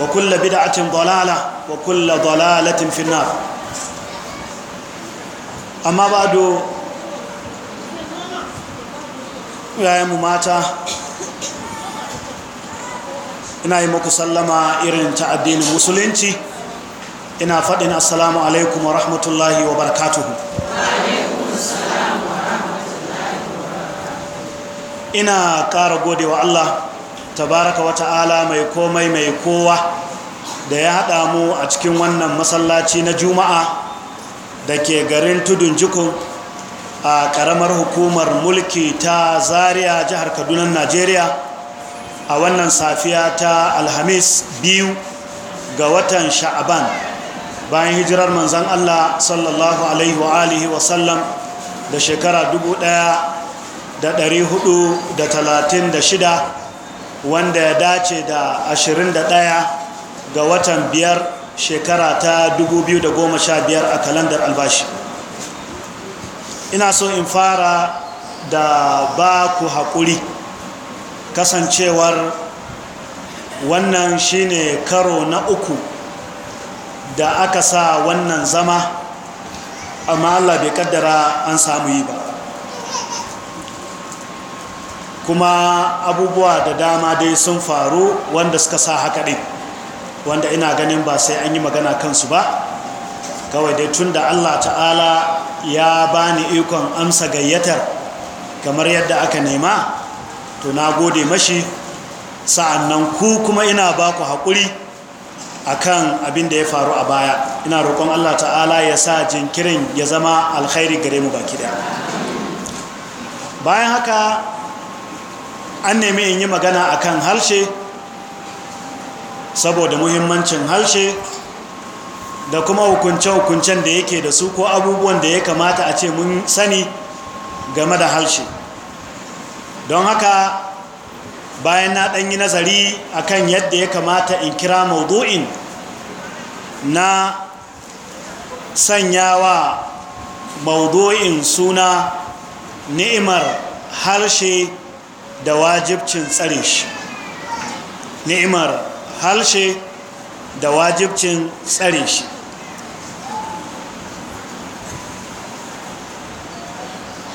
وكل بدعة ضلالة وكل ضلالة في النار أما بعد يا مماتا ina yi muku sallama irin ta addinin musulunci ina faɗin assalamu alaikum wa rahmatullahi wa barakatuhu ina ƙara gode wa Allah tabaraka wa ta'ala mai komai mai kowa da ya haɗa mu a cikin wannan masallaci na juma'a da ke garin tudun jikun a ƙaramar hukumar mulki ta zaria jihar kaduna najeriya a wannan safiya ta alhamis biyu ga watan sha'aban bayan hijirar manzan allah sallallahu alaihi wa alihi wasallam da shekara 1436 wanda ya dace da 21 ga watan biyar shekara ta 2015 a kalandar albashi ina so in fara da ba ku haƙuri kasancewar wannan shine karo na uku da aka sa wannan zama amma Allah bai kaddara an samu yi ba kuma abubuwa da dama dai sun faru wanda suka sa haka ɗin wanda ina ganin ba sai an yi magana kansu ba kawai dai tun da allah ta'ala ya bani ikon amsa gayyatar kamar yadda aka nema to na gode mashi sa'annan ku kuma ina ba ku haƙuri a kan abin da ya faru a baya ina roƙon allah ta'ala ya sa jinkirin ya zama alkhairi gare mu baki daya bayan haka an nemi in yi magana a kan harshe saboda muhimmancin harshe da kuma hukunce-hukuncen da yake da su ko abubuwan da ya kamata a ce mun sani game da harshe don haka bayan na ɗan yi nazari a kan yadda ya kamata in kira maudu'in na sanya wa maudu'in suna ni'imar harshe da wajibcin tsare shi ni'imar halshe da wajibcin tsare shi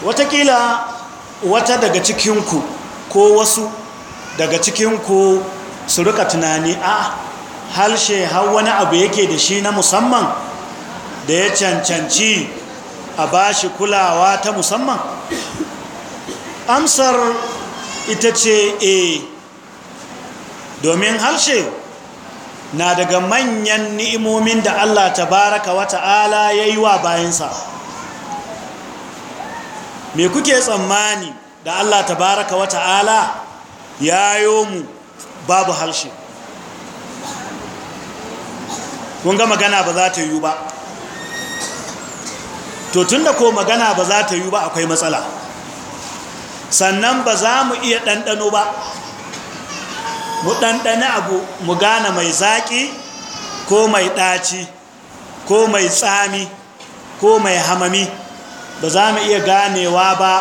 watakila wata daga cikinku ko wasu daga cikinku su rika tunani a halshe har wani abu yake da shi na musamman da ya cancanci a bashi kulawa ta musamman amsar ita ce e domin harshe na daga manyan ni'imomin da Allah baraka wa ta'ala ya yi wa bayansa me kuke tsammani da Allah baraka wa ta'ala ya mu babu harshe kun ga magana ba za ta yi ba to tun da ko magana ba za ta yi ba akwai matsala sannan ba za mu iya ɗanɗano ba mu ɗanɗana abu mu gane mai zaƙi ko mai ɗaci ko mai tsami ko mai hamami ba za mu iya ganewa ba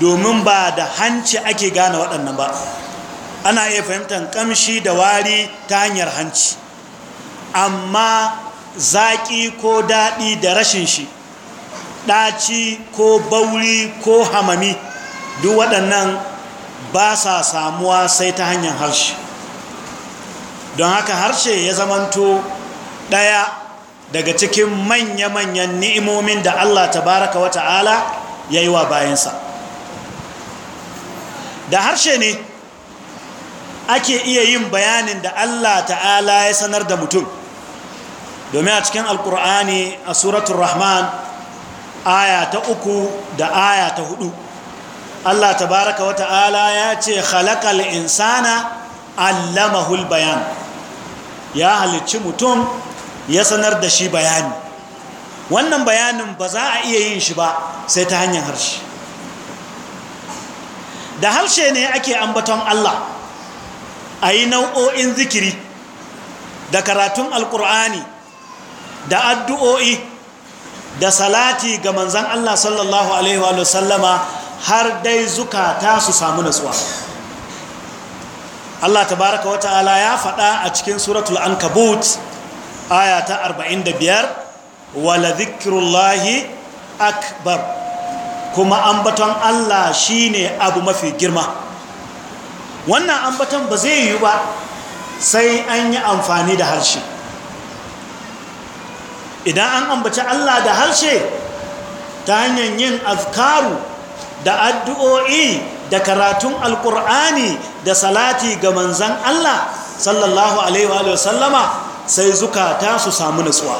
domin ba da hanci ake gane waɗannan ba ana iya fahimtar ƙamshi da wari ta hanyar hanci amma zaƙi ko daɗi da rashin shi ɗaci ko bauri ko hamami duk waɗannan ba sa samuwa sai ta hanyar harshe don haka harshe ya zamanto ɗaya daga cikin manya-manyan ni'imomin da Allah tabaraka wa ta'ala ya yi wa bayansa da harshe ne ake iya yin bayanin da Allah ta'ala ya sanar da mutum domin a cikin alkur'ani a suratun rahman aya ta uku da aya ta hudu Allah tabaraka wa ta'ala ya ce khalaqal insana allamahul bayan ya halicci mutum ya sanar da shi bayani wannan bayanin ba za a iya yin shi ba sai ta hanyar harshe da harshe ne ake ambaton Allah a yi nau'o'in zikiri da karatun alƙur'ani da addu'o'i da salati ga manzan Allah sallallahu Alaihi har dai zukata su samu natsuwa Allah tabaraka wa ta'ala ya faɗa a cikin suratul ankabut aya ta 45 wala zikrullahi akbar kuma ambaton Allah shine abu mafi girma wannan ambaton ba zai yi ba sai an yi amfani da harshe idan an ambaci Allah da harshe ta hanyar yin azkaru da addu'o'i da karatun alƙur'ani da salati ga manzan Allah sallallahu alaihi sai zukata su samu nutsuwa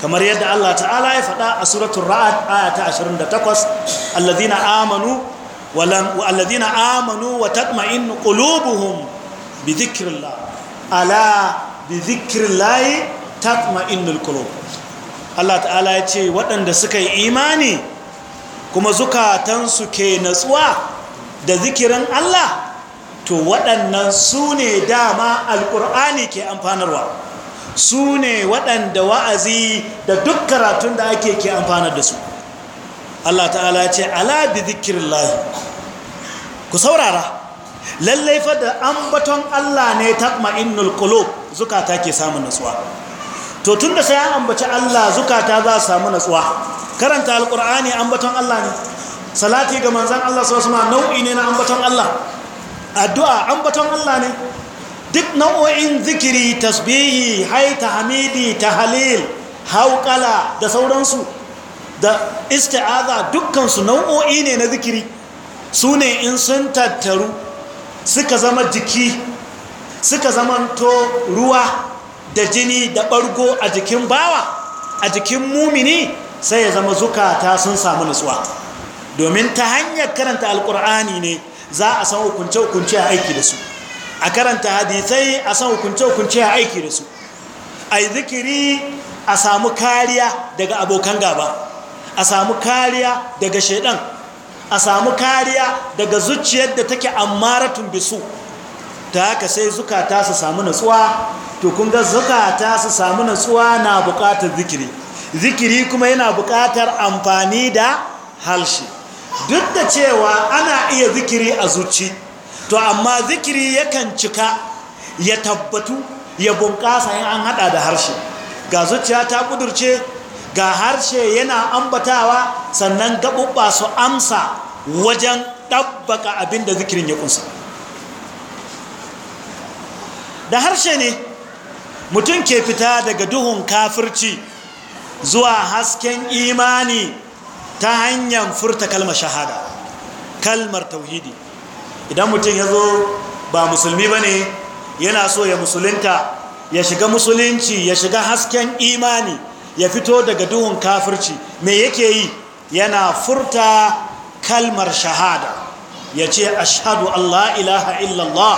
kamar yadda Allah ta'ala ya faɗa a suratun ra'ad ayata 28 alladhina amanu wa lam amanu wa tatma'innu qulubuhum bi dhikrillah ala bi dhikrillah tatma'innul ƙulubu. Allah ta'ala ya ce waɗanda suka yi imani kuma zukatansu ke natsuwa da zikirin Allah to waɗannan su ne dama alƙur'ani ke amfanarwa su ne waɗanda wa'azi da duk karatun da ake ke amfanar da su Allah ta'ala ce ala bi zikirin lahi ku saurara lallai fa da ambaton Allah ne ta ma'innul zukata ke samun natsuwa to tun da sai an ambaci Allah zukata za su samu natsuwa karanta alkur'ani ambaton Allah ne salati ga manzan Allah su wasu nau'i ne na ambaton Allah addu'a ambaton Allah ne duk nau'o'in zikiri tasbihi haita hamidi ta halil haukala da sauransu da isti'aza dukkansu nau'o'i ne na zikiri su ne in sun tattaru suka zama jiki suka zamanto ruwa da jini da ɓargo a jikin bawa a jikin mumini sai ya zama zukata sun samu nutsuwa domin ta hanyar karanta alkur'ani ne za a san hukunce-hukunce a aiki da su a karanta hadisai a san hukunce-hukunce a aiki da su a yi zikiri a samu kariya daga abokan gaba a samu kariya daga shaidan a samu kariya daga zuciyar da take amma ratun bisu ta haka sai zukata su samu nutsuwa to kun ga zukata su samu natsuwa na buƙatar zikiri zikiri kuma yana buƙatar amfani da harshe. duk da cewa ana iya zikiri a zuci to amma zikiri yakan cika ya tabbatu ya bunƙasa yin an haɗa da harshe ga zuciya ta ƙudurce ga harshe yana ambatawa sannan gaɓuɓɓa su amsa wajen ɗabbaka abinda zikirin ya ƙunsa da harshe ne mutum ke fita daga duhun kafirci zuwa hasken imani ta hanyar furta kalmar shahada kalmar tauhidi idan mutum ya zo ba musulmi ba ne yana so ya Musulinta ya shiga musulunci ya shiga hasken imani ya fito daga duhun kafirci me yake yi yana furta kalmar shahada ya ce ashadu Allah ilaha illallah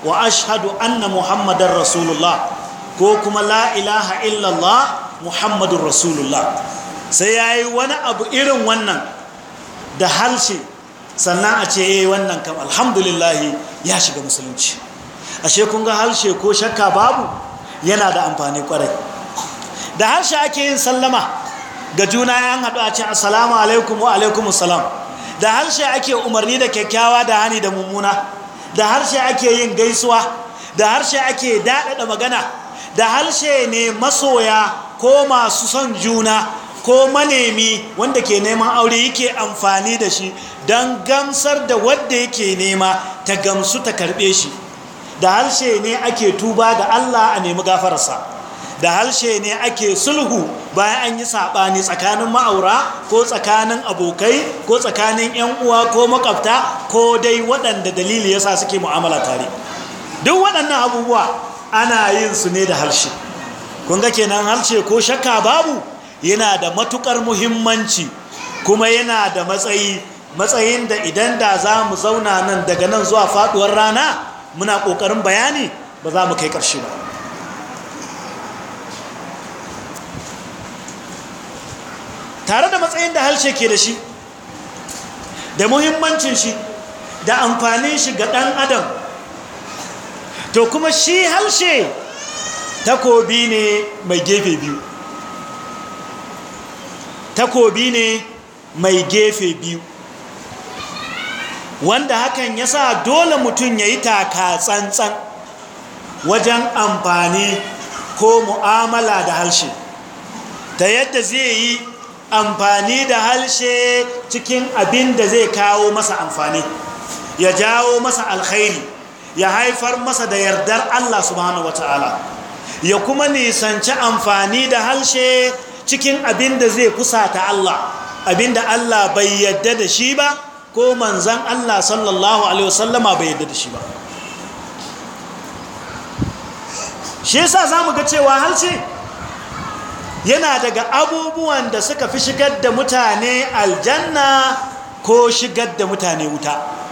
wa ashadu anna muhammadar rasulullah ko kuma la ilaha illallah muhammadun rasulullah sai ya yi wani abu irin wannan da harshe sannan a ce ya eh, yi wannan kam alhamdulillahi ya shiga musulunci ashe kun ga harshe ko shakka babu yana da amfani kwarai da harshe ake yin sallama ga juna yan haɗu a ce assalamu alaikum wa alaikum salam da harshe ake umarni da kyakkyawa da hani da mummuna da harshe ake yin gaisuwa da harshe ake daɗaɗa magana da harshe ne masoya ko masu son juna ko manemi wanda ke neman aure yake amfani da shi don gamsar da wadda yake nema ta gamsu ta karbe shi da harshe ne ake tuba da Allah a nemi gafararsa da harshe ne ake sulhu bayan an yi saɓani tsakanin ma'aura ko tsakanin abokai ko tsakanin 'yan uwa ko makwabta ko dai waɗanda dalili yasa suke mu'amala tare duk waɗannan abubuwa ana yin su ne da harshe kun ga kenan harshe ko shakka babu yana da matukar muhimmanci kuma yana da matsayi matsayin da idan da za mu zauna nan daga nan zuwa faduwar rana muna kokarin bayani ba za mu kai ƙarshe ba tare da matsayin da harshe ke da shi da muhimmancin shi da amfanin shi ga ɗan adam to kuma shi harshe takobi ne mai gefe biyu takobi ne mai gefe biyu wanda hakan ya sa dole mutum ya yi taka tsantsan wajen amfani ko mu'amala da harshe ta yadda zai yi amfani da harshe cikin abin da zai kawo masa amfani ya jawo masa alkhairi ya haifar masa da yardar Allah subhanahu wataala ya kuma nisanci amfani da halshe cikin abin da zai ta Allah abin da Allah bai yadda da shi ba ko manzan Allah sallallahu alaihi wasallama bai yadda da shi ba shi yasa zamu ga cewa halshe yana daga abubuwan da suka fi shigar da mutane aljanna ko shigar da mutane wuta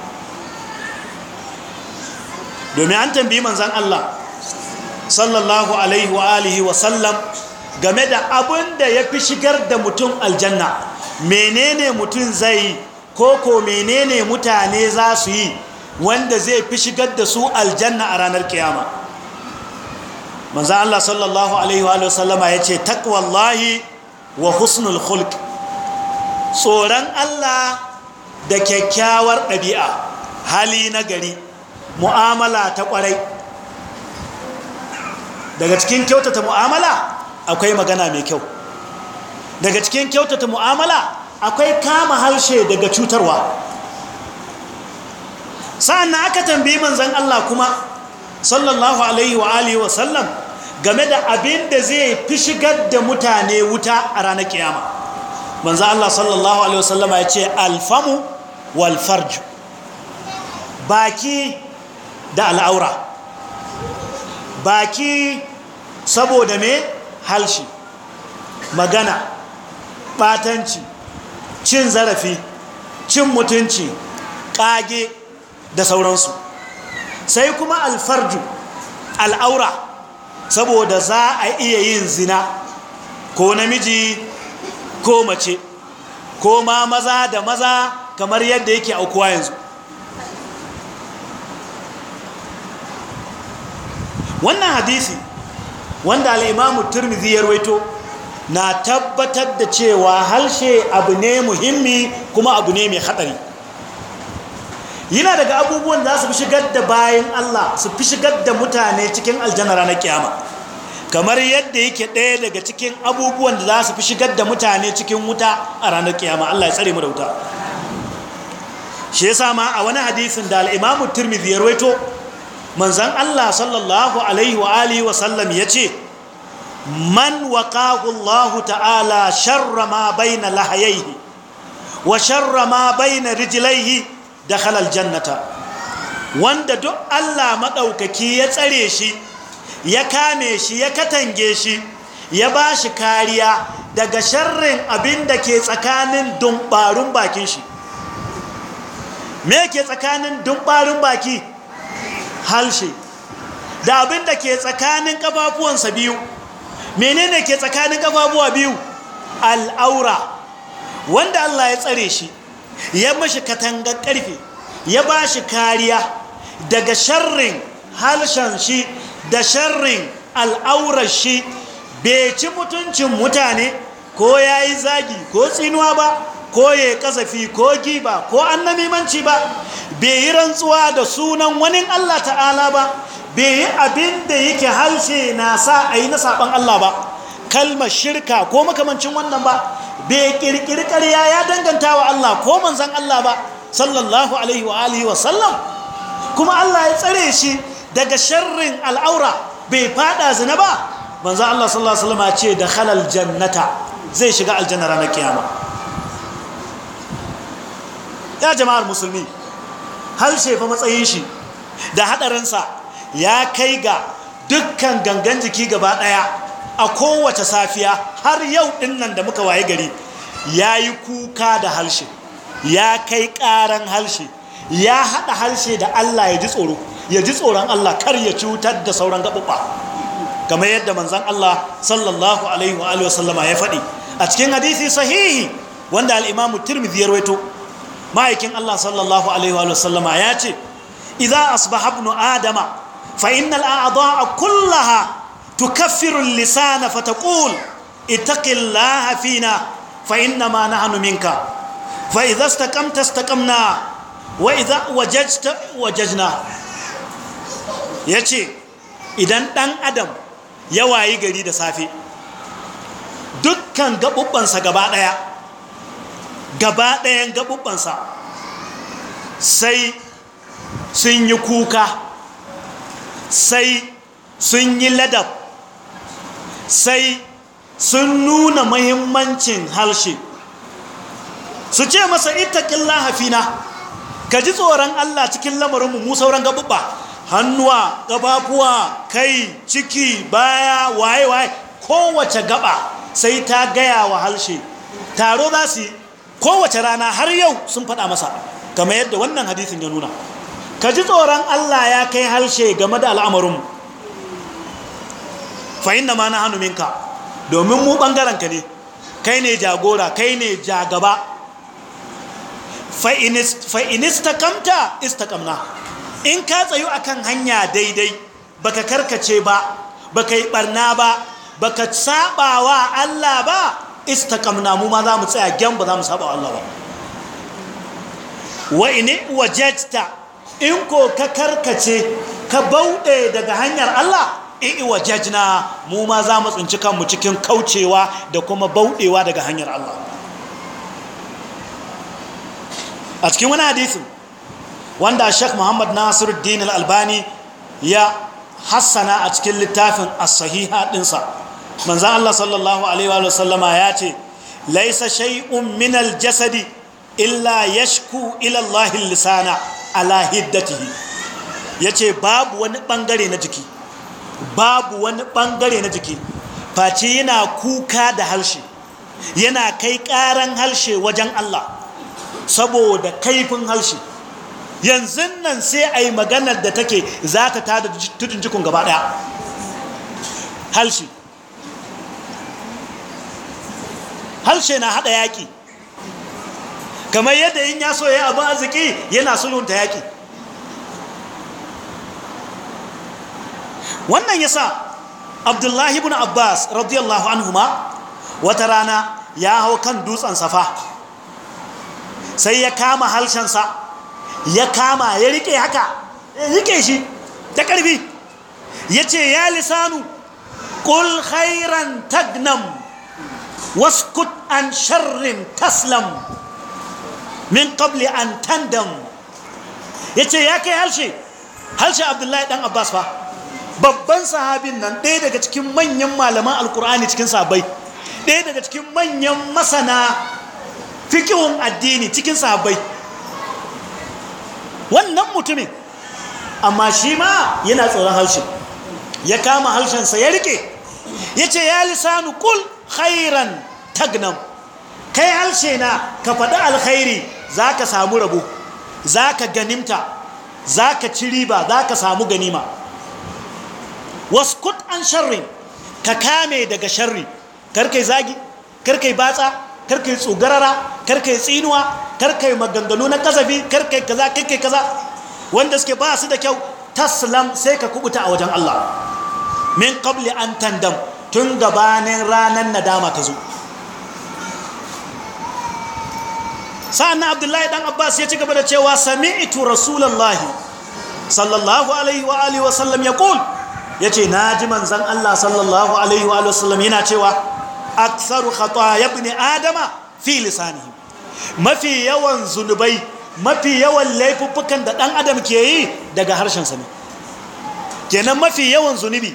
domin an tambayi manzan Allah sallallahu alaihi wa alihi wa sallam game da abin da ya fi shigar da mutum aljanna menene mutum zai ko ko menene mutane za su yi wanda zai fi shigar da su aljanna a ranar kiyama manzan Allah sallallahu alaihi wa sallama ya ce takwallahi wa husnul hulk tsoron Allah da kyakkyawar ɗabi'a hali na gari mu'amala ta kwarai daga cikin kyautata mu'amala akwai magana mai kyau daga cikin kyautata mu'amala akwai kama harshe daga cutarwa sa'an na aka tambi manzan Allah kuma sallallahu alaihi wa alihi wa sallam game da abin da zai fi shigar da mutane wuta a ranar kiyama manzan Allah sallallahu alaihi wa sallama ya ce alfamu walfarju baki da al'aura baki saboda me halshi magana batanci cin zarafi cin mutunci kage da sauransu sai kuma alfarju al'aura saboda za a iya yin zina ko namiji ko mace ko ma maza da maza kamar yadda yake aukuwa yanzu wannan hadisi wanda al'imamu turmizi ya rwaito na tabbatar da cewa halshe abu ne muhimmi kuma abu ne mai haɗari yana daga abubuwan da su fi shigar da bayan Allah su fi shigar da mutane cikin aljanna na kiyama kamar yadda yake ɗaya daga cikin abubuwan da za su fi shigar da mutane cikin wuta a ranar kiyama Allah ya tsare mu da wuta shi yasa ma a wani hadisin da al'imamu imam manzan Allah sallallahu alaihi wa alihi wa sallam ce. man waqahu Allah ta'ala sharra ma na lahayayi, wa sharra ma rijilaihi da halal jannata. wanda duk Allah maɗaukaki ya tsare shi ya kame shi ya katange shi ya bashi kariya daga sharrin abin da ke tsakanin dumbarun bakin shi me ke tsakanin dumbarun baki halshe da abin da ke tsakanin kafafuwansa biyu menene ke tsakanin kafafuwa biyu al'aura wanda Allah ya tsare shi ya mashi katangar ƙarfe ya ba shi kariya daga sharrin halshen shi da sharrin al'aurar shi bai ci mutuncin mutane ko ya yi zagi ko tsinuwa ba ko ya kasafi ko giba ko annamimanci ba bai yi rantsuwa da sunan wani Allah ta'ala ba bai yi abin da yake harshe na sa a yi na saɓan Allah ba kalmar shirka ko makamancin wannan ba bai ƙirƙiri ƙarya ya danganta wa Allah ko manzan Allah ba sallallahu alaihi wa alihi wa sallam kuma Allah ya tsare shi daga sharrin al'aura bai fada zina ba manzan Allah sallallahu alaihi wa sallam ce da halal jannata zai shiga aljanna ranar kiyama ya jama'ar musulmi harshe shefa matsayin shi da hadarinsa ya kai ga dukkan gangan jiki gaba daya a kowace safiya har yau dinnan da muka waye gari ya yi kuka da harshe ya kai karan harshe ya hada harshe da Allah ya ji tsoro ya ji tsoron Allah kar ya cutar da sauran gabuba kamar yadda manzan Allah sallallahu alaihi wa sallama ya faɗi a cikin hadisi sahihi wanda al'imamu tirmidhi ya rawaito ma'aikin Allah sallallahu alaihi wa sallama ya ce idza asbaha ibnu adama fa innal a kullaha tu tukaffiru lisana fataqul ittaqillaha fina fa inna ma na minka fa idza istaqamta istaqamna wa idza wajajta wajajna yace idan dan adam ya wayi gari da safe dukkan gaɓuɓɓansa gaba ɗaya. gaba ɗayan gaɓuɓɓansa sai sun yi kuka sai sun yi ladab sai sun nuna mahimmancin harshe su ce masa ita ƙilla hafina ka ji tsoron Allah cikin lamarinmu mu sauran gaɓuɓɓa hannuwa gabafuwa kai ciki baya waye-waye kowace gaba sai ta gaya wa halshe taro za su yi kowace rana har yau sun faɗa masa kamar yadda wannan hadisin ya nuna ka ji tsoron Allah ya kai harshe game da al'amarinmu. fahimta ma na hannu domin mu ɓangarenka ne kai ne jagora kai ne jagaba Fa'inista kamta kamta istakamna in ka tsayu kan hanya daidai baka karkace ba baka yi ɓarna ba baka saɓawa Allah ba Istakamna mu ma za mu tsaya gyan ba za mu saba Allah ba wa in wajadta in ko ka karkace ka bauɗe daga hanyar Allah in wajajna mu ma za mu tsinci kanmu cikin kaucewa da kuma bauɗewa daga hanyar Allah a cikin wani hadisin wanda Sheikh Muhammad Nasiruddin Al-Albani ya hassana a cikin littafin as-sahiha dinsa manzan Allah sallallahu alaihi wa ya ce laisa shay'un min aljasadi illa yashku ila lisana ala hiddatihi yace babu wani bangare na jiki babu wani bangare na jiki face yana kuka da harshe yana kai karan harshe wajen Allah saboda kaifin harshe yanzu nan sai yi maganar da take za ta tada tutun jikun gaba daya harshe harshe na hada yaki kamar yadda in ya so ya abu arziki yana sulhunta yaki wannan yasa abdullahi ibn abbas radiyallahu anhuma wata rana ya hau kan dutsen safa sai ya kama harshensa ya kama ya rike haka ya rike shi da ƙarfi ya ce ya lisanu ƙul khairan tagnam waskut an sharrin taslam min qabli an tandam yace ya kai harshe harshe abdullahi dan abbas fa babban sahabin nan ɗaya daga cikin manyan malaman alkur'ani cikin sabai ɗaya daga cikin manyan masana fikihun addini cikin sabai wannan mutumin amma shi ma yana tsoron harshe ya kama harshensa ya rike ya ce ya lisanu kul khairan tagnam kai harshe na ka faɗi alkhairi za ka samu rabo za ka ganimta za ka ci riba za ka samu ganima waskut an sharri ka kame daga sharri karkai zagi karkai batsa karkai tsogarara karkai tsinuwa karkai maganganu na kazafi karkai kaza karkai kaza wanda suke ba su da kyau taslam sai ka kubuta a wajen Allah min qabli an tandam tun gabanin ranar nadama ta zo sa'an na abdullahi ɗan abbas ya ci gaba da cewa sami'tu rasulallahi sallallahu alaihi wa alihi wasallam ya kul ya ce na ji manzan allah sallallahu alaihi wa alihi wasallam yana cewa aksaru ya ibn adama fi lisanihi mafi yawan zunubai mafi yawan laifuffukan da ɗan adam ke yi daga harshensa ne kenan mafi yawan zunubi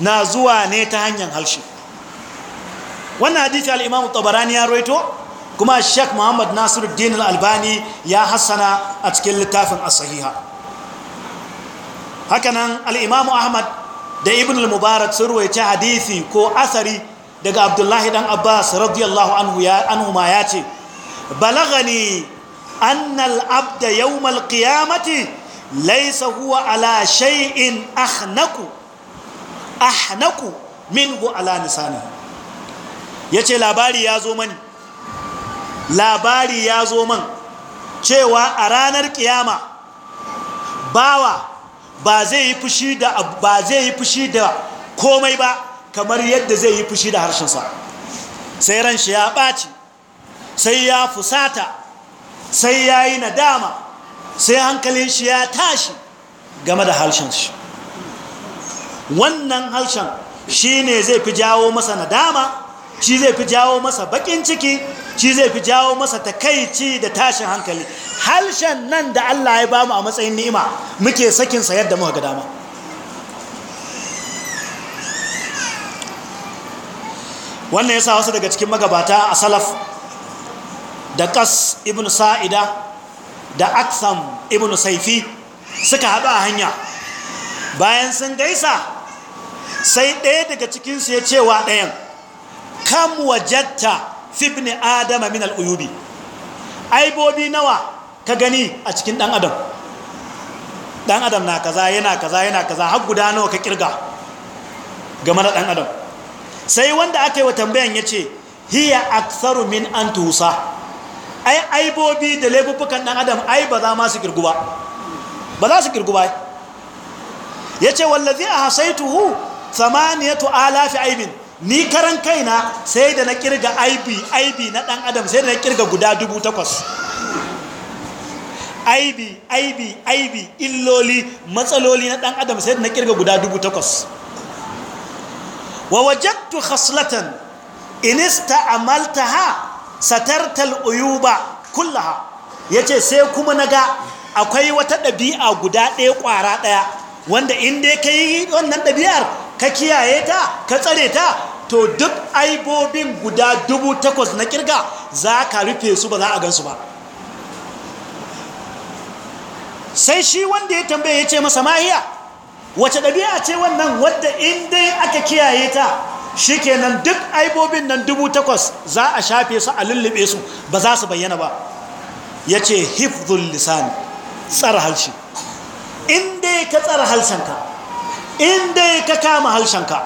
na zuwa ne ta hanyar halshe wannan hadisi alimamu imam tabarani ya roito kuma sheikh muhammad Nasiru al-albani ya hassana a cikin littafin asahiha sahiha hakanan al-imam ahmad da ibn al-mubarak sun roita hadisi ko asari daga abdullahi dan abbas radiyallahu anhu anhu ma ya ce balagani annal abda yawmal qiyamati laysa huwa ala shay'in ahnaku ahnaku minhu ala nisani yace labari ya zo mani labari ya zo man cewa a ranar kiyama bawa ba zai yi fushi da ba zai yi fushi da komai ba kamar yadda zai yi fushi da harshen sa. sai ran shi ya ɓaci sai ya fusata sai yayi nadama sai hankalin shi ya tashi game da harshen shi wannan harshen shi ne zai fi jawo masa nadama shi zai fi jawo masa bakin ciki shi zai fi jawo masa takaici da tashin hankali harshen nan da Allah ya bamu a matsayin ni'ima muke sakin sakinsa yadda muka ga dama wannan yasa wasu daga cikin magabata a salaf da qas ibn sa'ida da aksam ibn saifi suka haɗu a hanya bayan sun gaisa sai ɗaya daga cikinsu ya cewa ɗayan kam wajatta fibni adama min al'uyubi aibobi nawa ka gani a cikin ɗan adam ɗan adam na kaza yana kaza yana kaza har guda nawa ka kirga game da ɗan adam sai wanda aka yi wa tambayan ya ce hiya aksaru min an tusa ai aibobi da laifukan ɗan adam ai ba za ma su kirgu ba ba za su kirgu ba ya ce wallazi a hasaitu tuhu samaniyatu fi aibin ni karan kaina sai da na kirga aibi aibi na dan adam sai da na kirga guda dubu takwas aibi aibi aibi illoli matsaloli na dan adam sai da na kirga guda dubu takwas wa wajattu khaslatan in ista'amaltaha satartal uyuba kullaha yace sai kuma naga akwai wata dabi'a guda ɗaya kwara ɗaya wanda in dai kai wannan dabi'ar ka kiyaye ta ka tsare ta to duk aibobin guda dubu takwas na kirga za ka rufe su ba za a gansu ba sai shi wanda ya tambaye ya ce masa mahiya wace ɗabi'a ce wannan wadda in aka kiyaye ta shi kenan duk aibobin nan dubu takwas za a shafe su a lullube su ba za su bayyana ba ya ce hifzul lisani tsara halshi in dai ka tsara halshenka In dai ka kama harshenka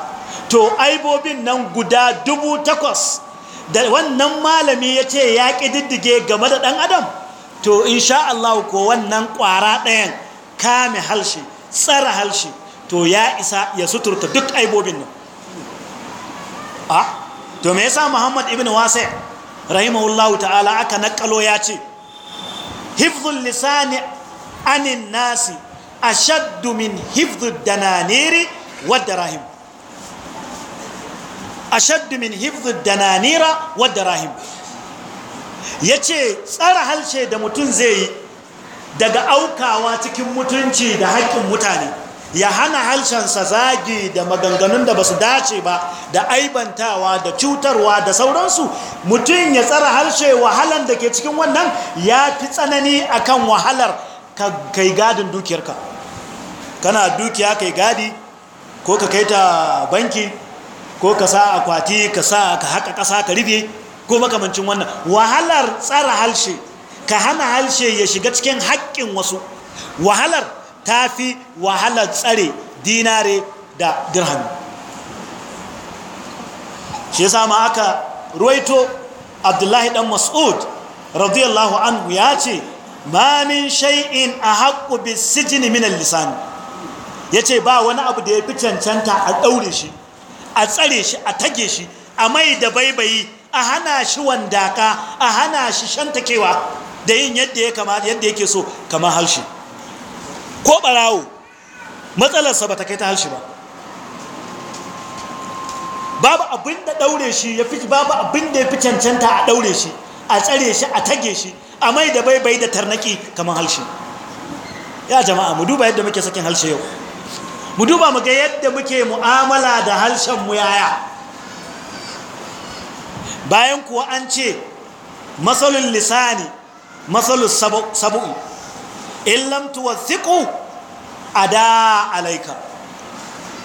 to aibobin nan guda dubu takwas da wannan malami ya ce ya ƙididdige game da ɗan adam to insha Allah ko wannan ƙwara ɗayan kame harshe tsara harshe to ya isa ya suturta duk aibobin nan a to me yasa Muhammad ibn Wasi rahimahullahu ta'ala aka nakalo ya ce hifzul lisani anin nasi ashaddu min hifdhu dananiri wadarahim ashaddu min hifdhu dananira yace tsara halshe da mutum zai yi daga aukawa cikin mutunci da haƙƙin mutane ya hana halshensa zagi da maganganun da basu dace ba da aibantawa da cutarwa da sauransu mutum ya tsara harshe wahalan da ke cikin wannan ya fi tsanani akan wahalar kai gadin dukiyarka kana dukiya kai gadi ko ka kai ta banki ko ka sa akwati ka sa ka haka ƙasa ka rufe ko makamancin wannan wahalar tsara halshe ka hana halshe ya shiga cikin haƙƙin wasu wahalar ta fi wahalar tsare dinare da dirhami shi yasa ma aka ruwaito abdullahi dan mas'ud radiyallahu anhu ya ce ma min shay'in a haƙƙu sijini minan lisani ya ce ba wani abu da ya fi cancanta a ɗaure shi a tsare shi a tage shi a mai da baibayi a hana shi wandaka a hana shi shantakewa da yin yadda ya kama yadda yake so kama halshi ko ɓarawo matsalarsa ba ta kai ta harshe ba babu abin da ɗaure shi ya fi babu abin da ya fi cancanta a ɗaure shi a tsare shi a tage shi a mai da baibayi da tarnaki kama halshi ya jama'a mu duba yadda muke sakin harshe yau mu duba mu ga yadda muke mu'amala da harshen mu yaya bayan kuwa an ce matsalin lisani matsalin sabu'i illam tuwathiqu ada alaika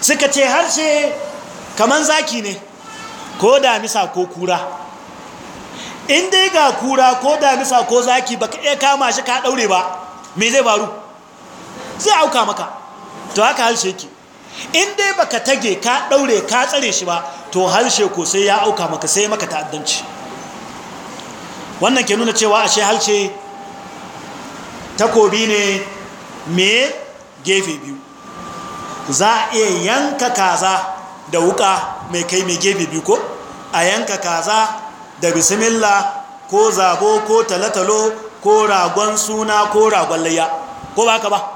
suka ce harshe kaman zaki ne ko damisa ko kura in dai ga kura ko damisa ko zaki baka iya kama shi ka ɗaure ba me zai faru zai auka maka to haka harshe ki, in dai baka tage ka daure ka tsare shi ba to harshe ko sai ya auka maka sai maka ta'addanci wannan ke nuna cewa ashe harshe takobi ne me gefe biyu za a iya yanka kaza da wuka mai kai mai gefe biyu ko a yanka kaza da bismillah ko zabo ko talatalo ko ragon suna ko ragon layya ko ba ka ba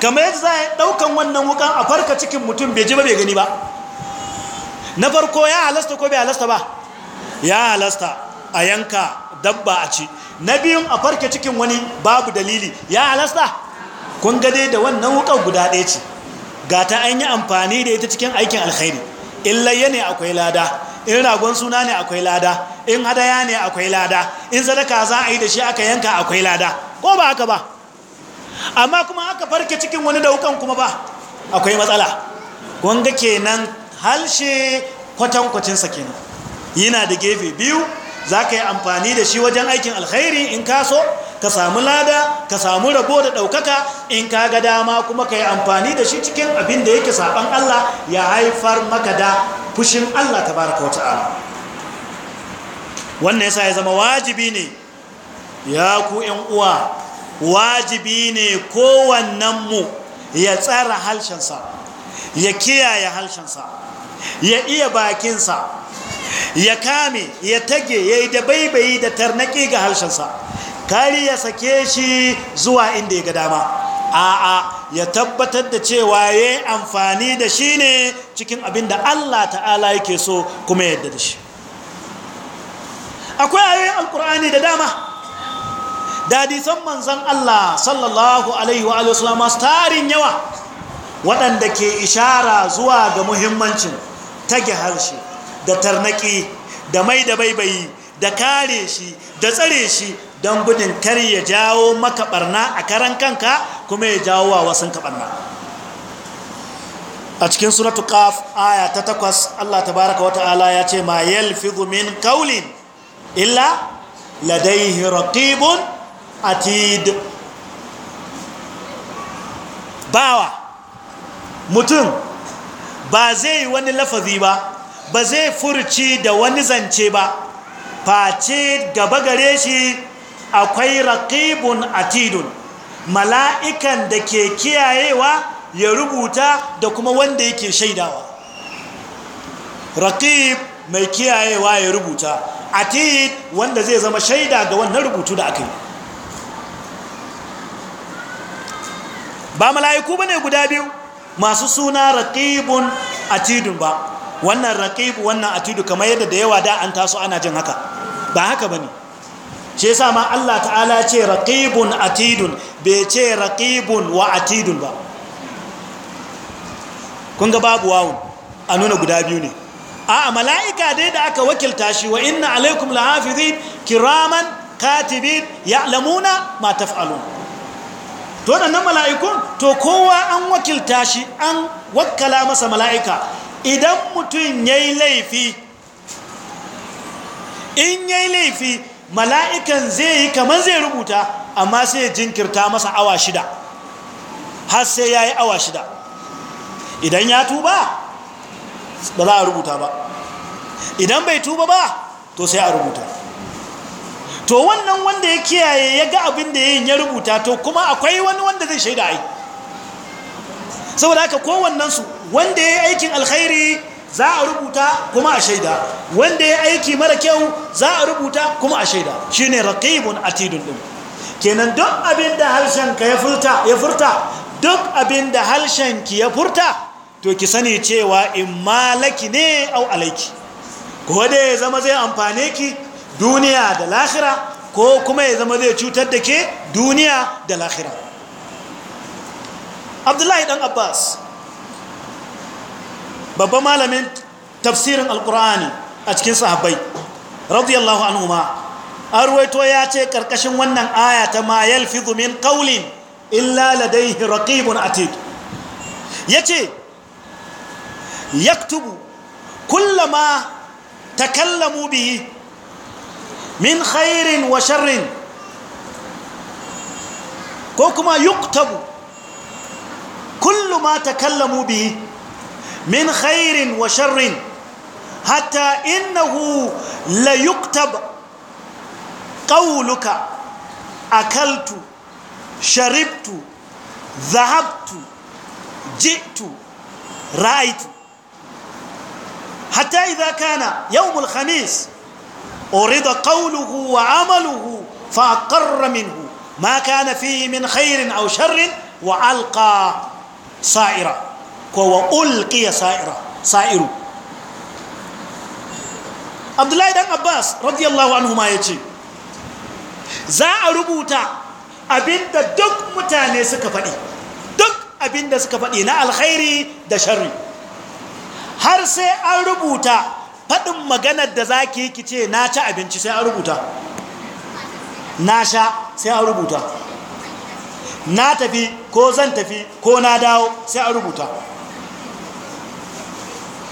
kamar yadda za a ɗaukan wannan wukan a farka cikin mutum bai ji ba bai gani ba na farko ya halasta ko bai halasta ba ya halasta a yanka dabba a ci na biyun a farka cikin wani babu dalili ya halasta kun gade da wannan wukan guda ɗaya ce ga ta an yi amfani da ita cikin aikin alkhairi in layya ne akwai lada in ragon suna ne akwai lada in hadaya ne akwai lada in sadaka za a yi da shi aka yanka akwai lada ko ba haka ba amma kuma aka farke cikin wani daukan kuma ba akwai matsala wanga kenan halshe kwatankwacinsa kenan yana da gefe biyu za ka yi amfani da shi wajen aikin alkhairi in ka so ka samu lada ka samu rabo da ɗaukaka in ka ga dama kuma ka yi amfani da shi cikin abin da yake saɓan Allah ya haifar maka da fushin Allah ta baraka wata ala wannan yasa ya zama wajibi ne ya ku ‘yan uwa wajibi ne kowannenmu ya tsara harshensa ya kiyaye harshensa ya iya bakinsa ya kame ya tage ya yi da baibayi da tarnaki ga harshensa kari ya sake shi zuwa inda ya ga dama a'a ya tabbatar da cewa ya yi amfani da shi ne cikin abin da Allah ta'ala yake so kuma yadda da shi akwai ayoyin alkur'ani da dama Dadi san manzan Allah sallallahu alaihi wa sallam masu tarin yawa waɗanda ke ishara zuwa ga muhimmancin tage harshe da tarnaki da mai da baibayi da kare shi da tsare shi don gudun kar ya jawo maka a karan kanka kuma ya jawo wa wasan kaɓarna. a cikin suratu qaf aya ta takwas Allah tabaraka Wata'ala ya ce ma yalfidhu min qawlin illa ladayhi raqibun atid bawa mutum ba zai wani lafazi ba ba zai furci da wani zance ba face gaba gare shi akwai raqibun atidun mala'ikan da ke kiyayewa ya rubuta da kuma wanda yake shaidawa raqib mai kiyayewa ya rubuta atid wanda zai zama shaida ga wannan rubutu da aka yi ba mala'iku bane guda biyu masu suna raqibun atidun ba wannan raqibu wannan atidu kamar yadda da yawa da an taso ana jin haka ba haka bane shi yasa ma Allah ta'ala ce raqibun atidun bai ce raqibun wa atidun ba kun ga babu wawun a nuna guda biyu ne a'a mala'ika dai da aka wakilta shi wa inna alaikum lahafizin kiraman katibin ya'lamuna ma taf'alun to na mala'ikun to kowa an wakilta shi an wakala masa mala'ika idan mutum ya yi laifi in ya yi laifi mala'ikan zai yi kamar zai rubuta amma sai ya jinkirta masa awa shida har sai ya yi awa shida idan ya tuba ba za a rubuta ba idan bai tuba ba to sai a rubuta to wannan wanda ya kiyaye ya ga abin da ya rubuta to kuma akwai wani wanda zai shaida ai saboda haka kowannen su wanda ya yi aikin alkhairi za a rubuta kuma a shaida wanda ya yi aiki mara kyau za a rubuta kuma a shaida rakibun a tidun ɗin kenan duk abin da harshen ka ya furta ya furta duk abin da harshen ki ya furta to ki sani cewa in malaki ne au alaiki ko da ya zama zai amfane ki duniya da lahira ko kuma ya zama zai cutar da ke duniya da lahira abdullahi dan abbas babban malamin tafsirin alkur'ani a cikin sahabbai radiyallahu anhu ma arwaito ya ce karkashin wannan aya ta ma yalfizu min qawlin illa ladayhi raqibun atid yace yaktubu kullama takallamu bihi min khairin wa sharrin ko kuma yuktabu kullu ma takallamu bihi min khairin wa sharrin hatta innahu la yuktab qawluka akaltu sharibtu dhahabtu ji'tu ra'aitu hatta idha kana yawm al-khamis أرد قوله وعمله فأقر منه ما كان فيه من خير أو شر وألقى سائرة وألقي سائرة سائر عبد الله بن عباس رضي الله عنهما يجي za a rubuta abinda duk mutane suka faɗi duk abinda suka faɗi na alkhairi da sharri har sai an rubuta faɗin maganar da za ki yi ki na ci abinci sai an rubuta na sha sai an rubuta na tafi ko zan tafi ko na dawo sai an rubuta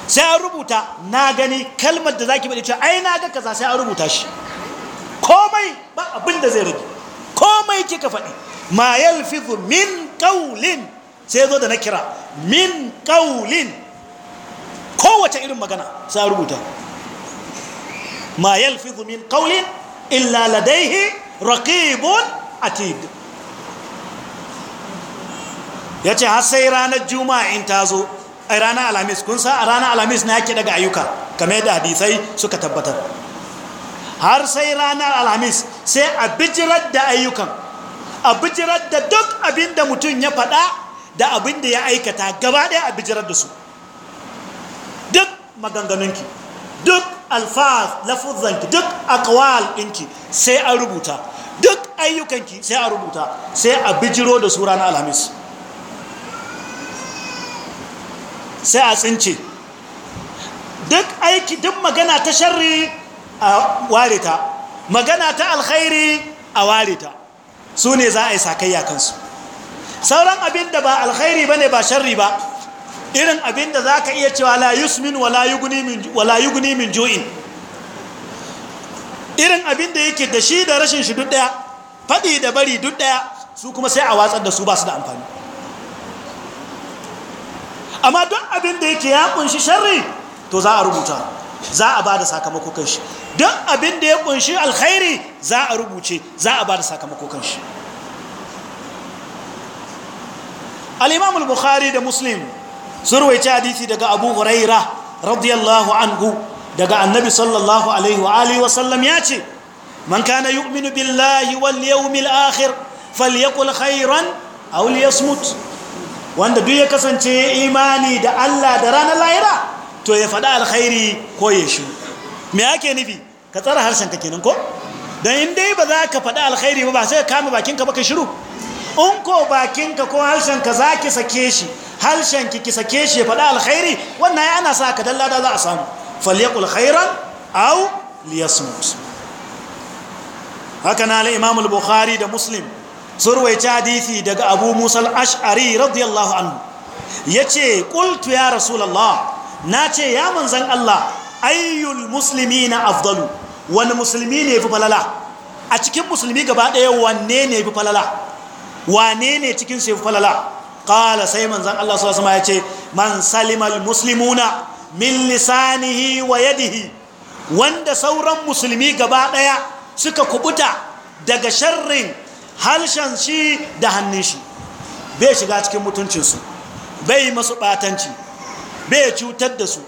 sai an rubuta na gani kalmar da za ki cewa ai na ga kaza sai an rubuta shi komai ba abin da zai rage komai kika faɗi ma yalfi min kaulin sai zo da na kira min kaulin. kowace irin magana sa rubuta ma yalfidhu min qawlin illa ladayhi raqibun atid yace har sai ranar juma'a in zo ai ranar alhamis kun sa a ranar alhamis na yake daga ayyuka kamar da hadisai suka tabbatar har sai ranar alhamis sai a bijirar da ayyukan a bijirar da duk abinda mutum ya faɗa da abinda ya aikata gaba ɗaya a bijirar da su maganganunki duk alfaz lafuzanki duk akwal ɗinki sai a rubuta duk ayyukanki sai a rubuta sai a bijiro da sura na alhamis sai a tsince duk aiki duk magana ta sharri a ware ta magana ta alkhairi a ware ta su ne za a yi sakayya kansu sauran abin da ba alkhairi ba ne ba sharri ba irin abin da za ka iya cewa la yusmin wala yuguni min jo'in irin abin da yake da shi da rashin shi duk daya faɗi da bari duk daya su kuma sai a watsar da su ba su da amfani amma duk abin da yake ya kunshi sharri to za a rubuta za a ba da sakamako kan shi duk abin da ya kunshi alkhairi za a rubuce za a ba da sakamako kan shi al-imam bukhari da muslim surwaice hadisi daga abu huraira radiyallahu anhu daga annabi sallallahu alaihi wa alihi wa sallam ya ce man kana yu'minu billahi wal yawmil akhir falyakul khairan aw liyasmut wanda duk ya kasance imani da Allah da ranar lahira to ya faɗa alkhairi ko ya shi me yake nufi ka tsara harshen ka kenan ko dan in dai ba za ka faɗa alkhairi ba ba sai ka kama bakinka ba ka shiru in ko bakinka ko harshen ka zaki sake shi harshen ki sake shi faɗa alkhairi wannan ya ana sa ka dalla da za a samu falyakul khairan au liyasmus. haka na la Imamul al-bukhari da muslim surwaice hadisi daga abu Musal ashari radiyallahu anhu yace ƙultu ya Na nace ya manzan Allah ayyul na afdalu wani musulmi ne fi falala a cikin musulmi gaba ɗaya wanne ne fi falala wane ne cikin su fi falala Ƙala sai manzan Allah su wasu ya ce man salimal muslimuna min lisanihi wa yadihi wanda sauran musulmi gaba ɗaya suka kubuta daga sharrin harshen shi da hannun shi bai shiga cikin mutuncinsu bai masu ɓatanci bai cutar da su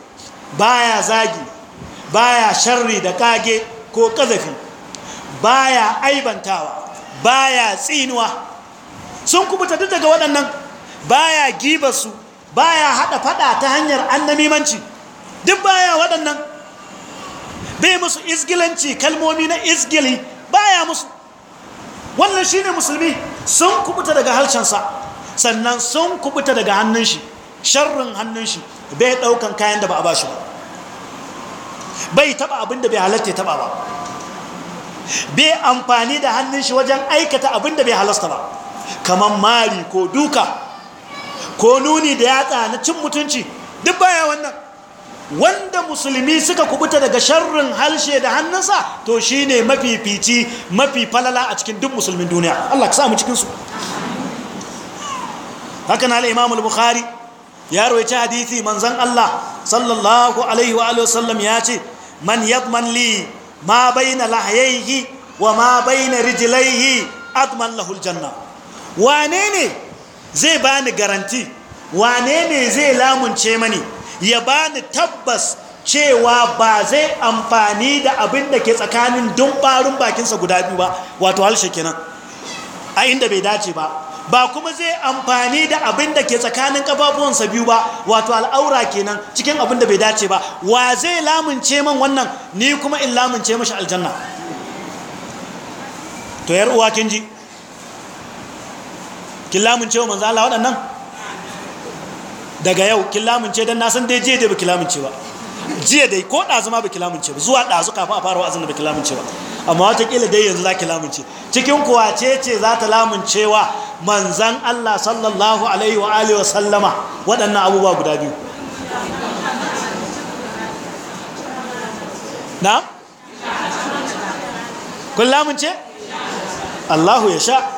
baya zagi baya sharri da ƙage ko ƙazafi baya aibantawa baya tsinuwa sun kubuta duk daga waɗannan baya giba su baya hada fada ta hanyar annamimanci duk baya waɗannan bai musu izgilanci kalmomi na izgili baya musu wannan shine musulmi sun kubuta daga sa sannan sun kubuta daga hannun shi sharrin hannun shi bai daukan kayan da ba a bashi ba bai taba abin da bai halatta taba ba bai amfani da hannun shi wajen aikata abin da bai halasta ba kamar mari ko duka ko nuni da yatsa na cin mutunci duk baya wannan wanda musulmi suka kubuta daga sharrin halshe da hannunsa to shine mafifici mafi falala a cikin duk musulmin duniya Allah ka sa mu haka na al-Imam al-Bukhari ya rawaita hadisi manzon Allah sallallahu alaihi wa wasallam ya ce man yadman li ma baina lahyayhi wa ma baina rijilayi adman lahu janna wane ne zai bani garanti wane ne zai lamunce mani ya bani tabbas cewa ba zai amfani da abin da ke tsakanin don ɓarin bakinsa guda biyu ba wato halshe kenan a inda bai dace ba ba kuma zai amfani da abin da ke tsakanin ƙafafuwansa biyu ba wato al'aura kenan cikin abin da bai dace ba wa zai lamunce man wannan ni kuma in lamunce mashi aljanna to yar uwa kin ji kin lamunce wa manzo Allah waɗannan daga yau kin lamunce dan na san dai jiya dai baki lamunce ba jiya dai ko ɗazu ma baki lamunce ba zuwa ɗazu kafin a fara wa'azin da ba lamunce ba amma kila dai yanzu za ki lamunce cikin kuwa ce ce za ta lamuncewa manzan Allah sallallahu alaihi wa alihi wa sallama waɗannan abubuwa guda biyu na? kun Allahu ya sha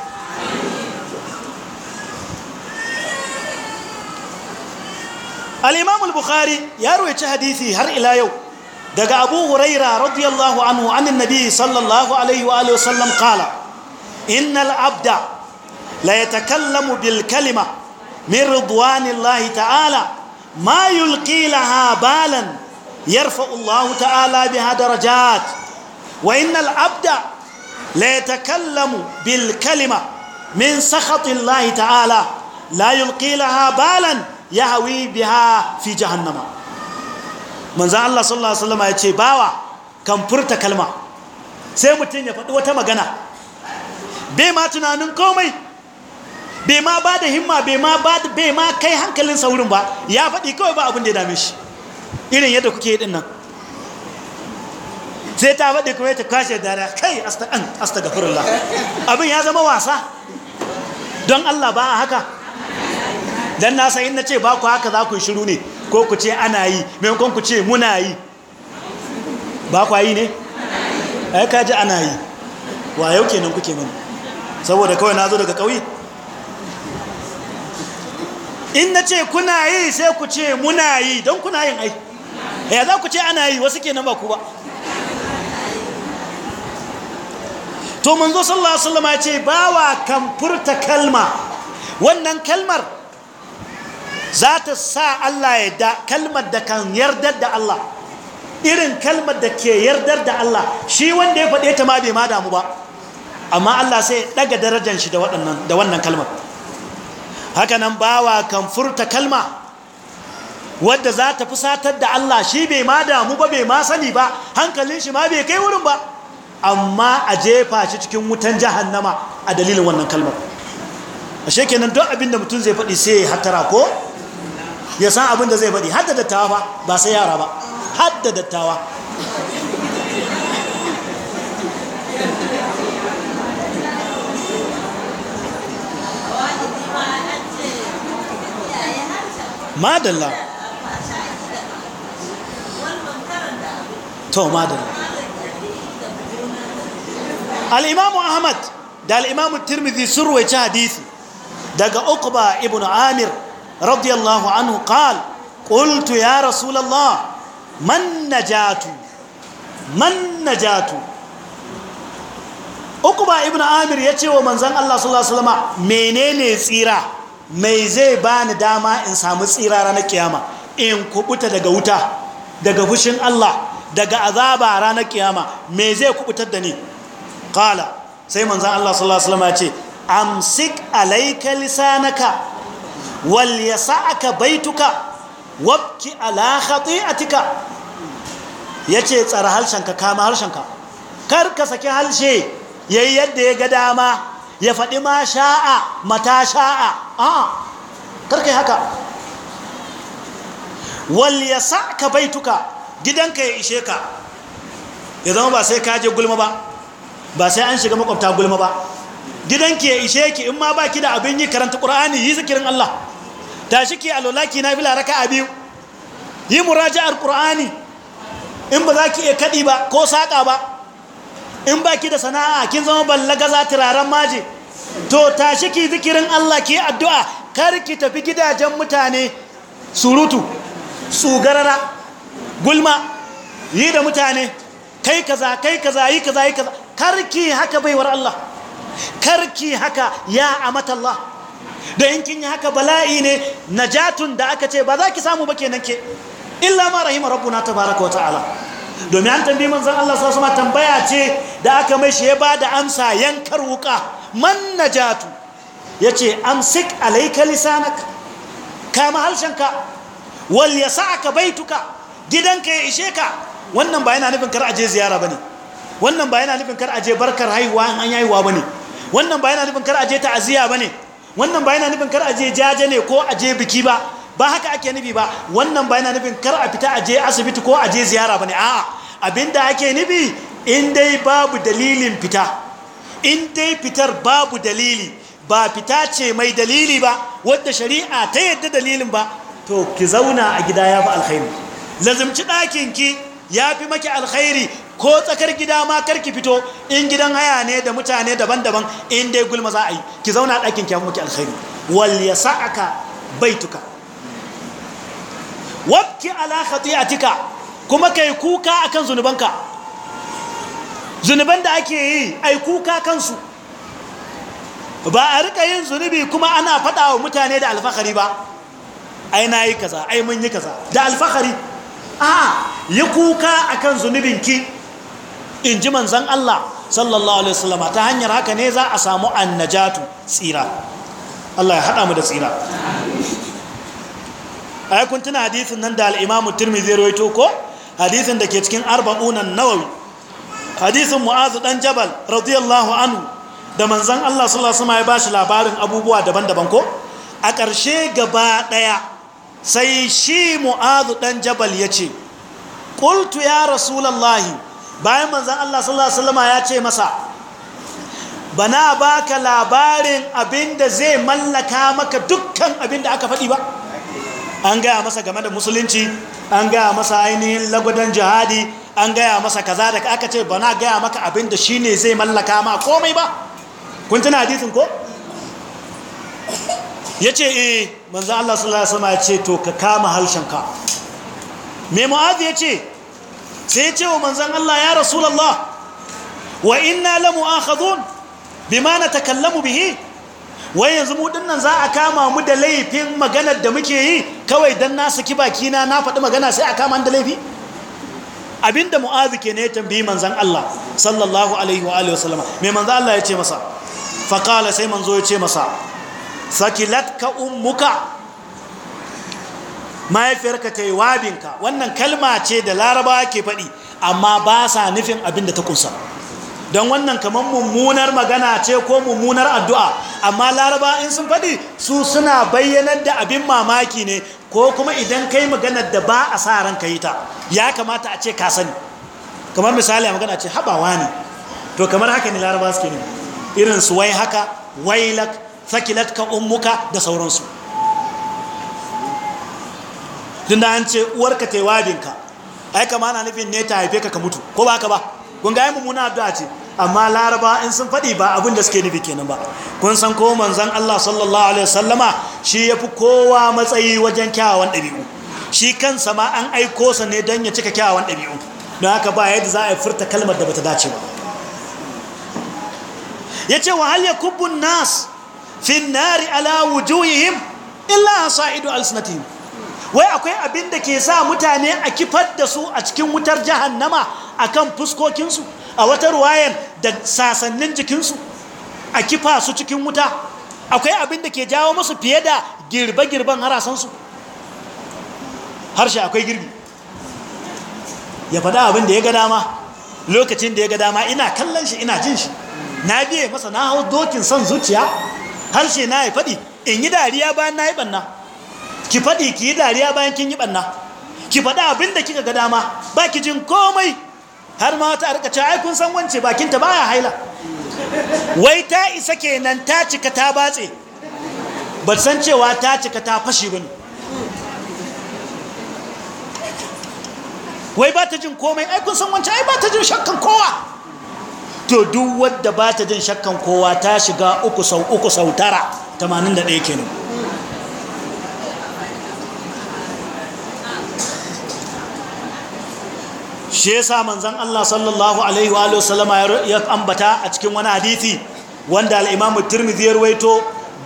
الإمام البخاري يروي حديثي هر إلى يوم دق أبو هريرة رضي الله عنه عن النبي صلى الله عليه وآله وسلم قال إن العبد لا يتكلم بالكلمة من رضوان الله تعالى ما يلقي لها بالا يرفع الله تعالى بها درجات وإن العبد لا يتكلم بالكلمة من سخط الله تعالى لا يلقي لها بالا yahwi biha fi jahannama manzo Allah sallallahu alaihi wasallam ya ce bawa kan furta kalma sai mutum ya faɗi wata magana bai ma tunanin komai bai ma bada himma bai ma bada bai ma kai hankalin saurin ba ya faɗi kawai ba abin da ya dame shi irin yadda kuke yi din nan sai ta faɗi kuma ta kashe dara kai astagfirullah abin ya zama wasa don Allah ba haka dan na san in nace ba ku haka za ku yi shiru ne ko ku ce ana yi maimakon ku ce muna yi ba ku yi ne ai ka ji ana yi wa yau kenan kuke mani saboda kawai na zo daga ƙauye in na ce kuna yi sai ku ce muna yi don kuna yin ai ya za ku ce ana yi wasu kenan ba ku ba to manzo sallallahu alaihi wasallam ya ce bawa kan furta kalma wannan kalmar za ta sa Allah ya da kalmar da kan yardar da Allah irin kalmar da ke yardar da Allah shi wanda ya faɗe ta ma bai ma damu ba amma Allah sai ɗaga darajar shi da wannan kalmar haka nan bawa kan furta kalma wadda za ta fusatar da Allah shi bai ma damu ba bai ma sani ba hankalin shi ma bai kai wurin ba amma a jefa shi cikin wutan jahannama a dalilin wannan kalmar ashe kenan don abinda mutum zai faɗi sai ya hatara ko ya san abin da zai faɗi hadda dattawa ba ba sai yara ba har da dattawa madalla to madalla al'imamu ahmad da al'imamu tirmidhi sun ruwaici hadisi daga uqba ibn amir رضي الله عنه قال قلت يا رسول الله من نجات من نجات أقبى ابن عامر يتشوى من زن الله صلى الله عليه وسلم منين tsira mai zai bani dama in samu tsirara na kiyama in kubuta daga wuta daga fushin Allah daga azaba ranar kiyama me zai kubutar da ni qala sai manzon Allah sallallahu alaihi wasallam ya ce amsik alayka lisanaka wal baituka wabki ala khati'atika yace tsara harshenka kama harshenka kar ka saki harshe yayi yadda ya ga dama ya faɗi ma sha'a mata sha'a a'a kar kai haka wal baituka gidanka ya ishe ka ya zama ba sai ka je gulma ba ba sai an shiga makwabta gulma ba gidanki ya ishe ki in ma ba ki da abin yi karanta ƙur'ani yi zikirin Allah tashi ki alolaki na bila raka a biyu yi muraji'ar ƙur'ani in ba za ki iya kaɗi ba ko saƙa ba in ba ki da sana'a kin zama ballagaza turaren maji to tashi ki zikirin Allah ki addu'a kar ki tafi gidajen mutane surutu tsugarara gulma yi da mutane kai kaza kai kaza yi kaza yi kaza kar ki haka baiwar Allah karki haka ya Allah. da yankin ya haka bala'i ne najatun da aka ce ba za ki samu ba kenan ke illa ma rahima rabbuna tabaraka wa ta'ala domin an tambayi manzon Allah sallallahu alaihi tambaya ce da aka mai shi ya ba da amsa yankar wuka man najatu yace amsik alayka lisanak kama ka. wal yasa'aka baituka gidanka ya ishe ka wannan ba yana nufin kar aje ziyara bane wannan ba yana nufin kar aje barkar haihuwa an haihuwa bane wannan ba yana nufin kar a je bane wannan ba yana nufin kar a je jaje ne ko a je biki ba ba haka ake nufi ba wannan ba yana nufin kar a fita a je asibiti ko a je ziyara bane a'a abinda ake nufi in dai babu dalilin fita in dai fitar babu dalili ba fita ce mai dalili ba wadda shari'a ta yadda dalilin ba to ki zauna a gida ya fi alkhairu lazimci ki. ya fi maki alkhairi ko tsakar gida ma karki fito in gidan haya ne da mutane daban-daban in dai gulma za a yi ki zauna ɗakin ki maki alkhairi wal ya sa'aka baituka wabki ala khati'atika kuma kai kuka akan zunubanka zunuban da ake yi ai kuka kansu ba a rika yin zunubi kuma ana faɗa wa mutane da alfahari ba ai na yi kaza ai mun yi kaza da alfahari A'a yi kuka a kan zunubinki in ji manzan Allah sallallahu alaihi wasallama ta hanyar haka ne za a samu annajatu tsira Allah ya haɗa mu da tsira a yi kuntuna hadisin nan da al’imamu turmi Tirmidhi ko hadithin da ke cikin arba'unan nawawi hadithin mu'azu dan Jabal radiyallahu anhu da manzan Allah sallallahu alaihi wasallama ya shi labarin abubuwa daban-daban ko a ƙarshe gaba ɗaya sai shi mu'azu dan jabal ya ce ƙultu ya rasulallahi bayan manzan Allah sallallahu Alaihi ya ce masa bana baka labarin abinda zai mallaka maka dukkan abinda aka faɗi ba an gaya masa game da musulunci an gaya masa ainihin lagwadon jihadi an gaya masa kaza da aka ce bana gaya maka abinda ne zai mallaka ma komai ba kun tuna hadisin ko ya ce eh manzan Allah sallallahu Alaihi ya ce to ka kama harshenka mai mu'adu ya ce sai ya ce wa manzan Allah ya rasulallah wa inna lamu akhadun bima na takallamu bihi wai yanzu mu dinnan za a kama mu da laifin maganar da muke yi kawai dan na saki bakina na faɗi magana sai a kama da laifi abinda muazi ke ne ya tambayi manzan Allah sallallahu alaihi wa alihi wasallama mai manzan Allah ya ce masa Faƙala sai manzo ya ce masa sakilat ka ummuka mahaifiyarka ta yi wabinka wannan kalma ce da laraba ke faɗi amma ba sa nufin abin da ta kusa don wannan kamar mummunar magana ce ko mummunar addu'a amma laraba in sun faɗi su suna bayyanar da abin mamaki ne ko kuma idan kai maganar da ba a sa ranka yi ta ya kamata a ce ka kamar misali a magana ce haɓawa ne to kamar haka ne laraba suke ne irin su wai haka wailak sakilat ka ummuka da sauransu tunda an ce uwarka ta yi wadinka ai kama na nufin ne ta haife ka ka mutu ko ba ka ba gungayen mummuna addu'a ce amma laraba in sun faɗi ba abin da suke nufi kenan ba kun san ko manzon Allah sallallahu alaihi wasallama shi ya fi kowa matsayi wajen kyawawan ɗabi'u shi kansa ma an aiko sa ne don ya cika kyawawan ɗabi'u don haka ba yadda za a furta kalmar da bata dace ba Ya ce wa hal kubbun nas fin nari ala wujuhihim illa sa’idu alsinatihim wai akwai abin da ke sa mutane a kifar da su a cikin wutar jahannama akan fuskokinsu a wata ruwayan da sasannin jikinsu a kifa su cikin wuta akwai abin da ke jawo musu fiye da girbe-girben harasansu harshe akwai girbi ya faɗa abin da ya ga dama lokacin da ya ga dama ina kallon shi ina jin shi na biye masa na hau dokin son zuciya harshe na ya faɗi in yi dariya bayan na yi ɓanna ki faɗi ki yi dariya bayan kin yi ɓanna ki faɗi abin da kika ga dama ba ki jin komai har ma wata ce, ai kun san wance bakinta baya haila wai ta isa kenan ta cika ta batse ba san cewa ta cika ta fashi ne wai ba ta jin komai ai kun san wance ai ba ta jin shakkan kowa to duk wadda ba ta jin shakkan kowa ta shiga uku sau uku sau tara 81 kenan shi sa manzon Allah sallallahu alaihi wa sallama ya ambata a cikin wani hadithi wanda al-Imam Tirmidhi ya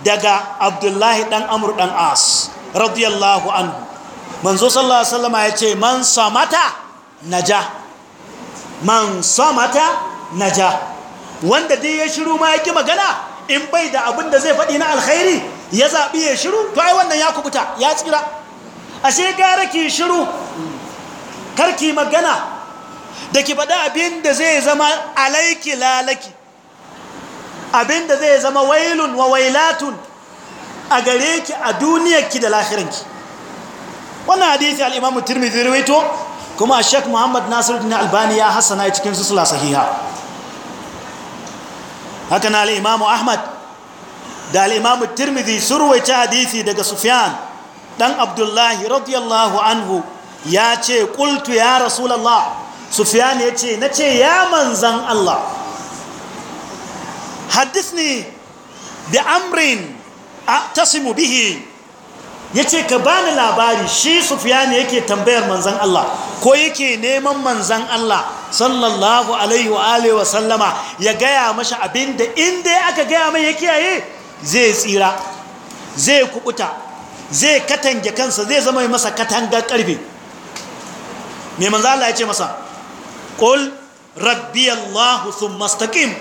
daga Abdullahi dan amur dan As radiyallahu anhu manzo sallallahu alaihi wa sallama ce man samata naja man samata naja wanda dai ya shiru ma yake magana in bai da abin da zai faɗi na alkhairi ya zaɓi ya shiru to ai wannan ya kubuta ya tsira ashe gara ki shiru karki magana da ki faɗi abin da zai zama alaiki lalaki abin da zai zama wailun wa wailatun a gare ki a duniyarki da lahirinki wannan hadisi al'imamu turmi zirwaito kuma a muhammad nasiru albani ya hassana cikin su sula sahiha haka na al'imamu ahmad da al'imamu tirmidhi surwaita hadisi daga sufyan ɗan abdullahi radiyallahu anhu ya ce ƙultu ya rasulallah sufyan ya ce na ce ya manzan allah haddis ne da amrin a tasimu bihi ya ce ka bani labari shi sufiya ne yake tambayar manzan Allah ko yake neman manzan Allah sallallahu alaihi wa alaihi wa sallama ya gaya mashi abin da inda ya aka gaya mai ya kiyaye zai tsira zai kubuta zai katange kansa zai zama masa katangar karfe mai manzan Allah ya ce masa ƙul rabbi Allah sun mastaƙim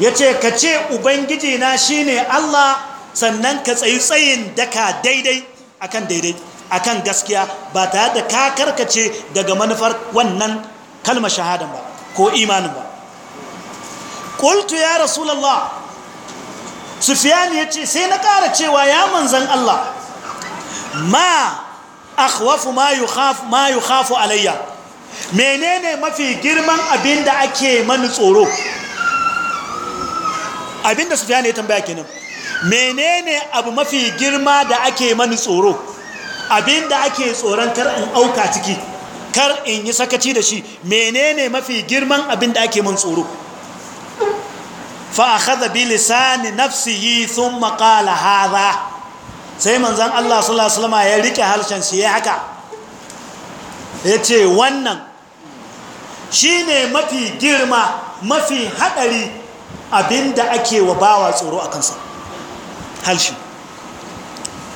ya ce ka ce ubangiji na shi ne Allah sannan ka tsayi tsayin daka daidai akan daidai akan gaskiya ba tare da ka karkace daga manufar wannan kalmar shahadan ba ko imanin ba ƙultu ya rasulullah ya ce sai na ƙara cewa ya manzan Allah ma akhwafu ma yi ma alayya menene mafi girman abinda ake mani tsoro abinda sufyan ya tambaya kenan menene abu mafi girma da ake mani tsoro abin da ake tsoron kar in auka ciki kar in yi sakaci da shi menene mafi girman abin da ake mani tsoro fa'akaza bi lisani yi sun makala haza sai manzan Allah sulasulama ya rike harshen shi ya haka ya ce wannan shi ne mafi girma mafi haɗari abin da ake wa bawa tsoro a kansa halshi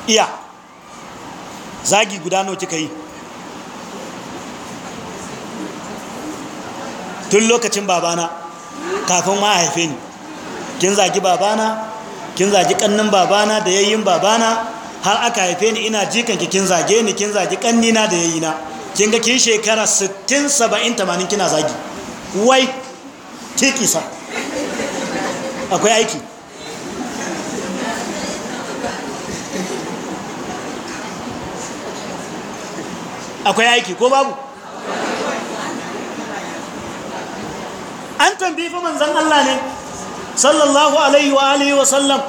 iya zagi guda nawa kika yi tun lokacin babana kafin ma haife ni kin zagi babana kin zagi kannin babana da yayin babana har aka haife ni ina jikan ki kin zage ni kin zagi kannina da yayina kin ga kin shekara 60 70 80 kina zagi wai kikisa akwai aiki akwai aiki ko babu an tambifi fa manzan Allah ne sallallahu alaihi wa alihi wa sallam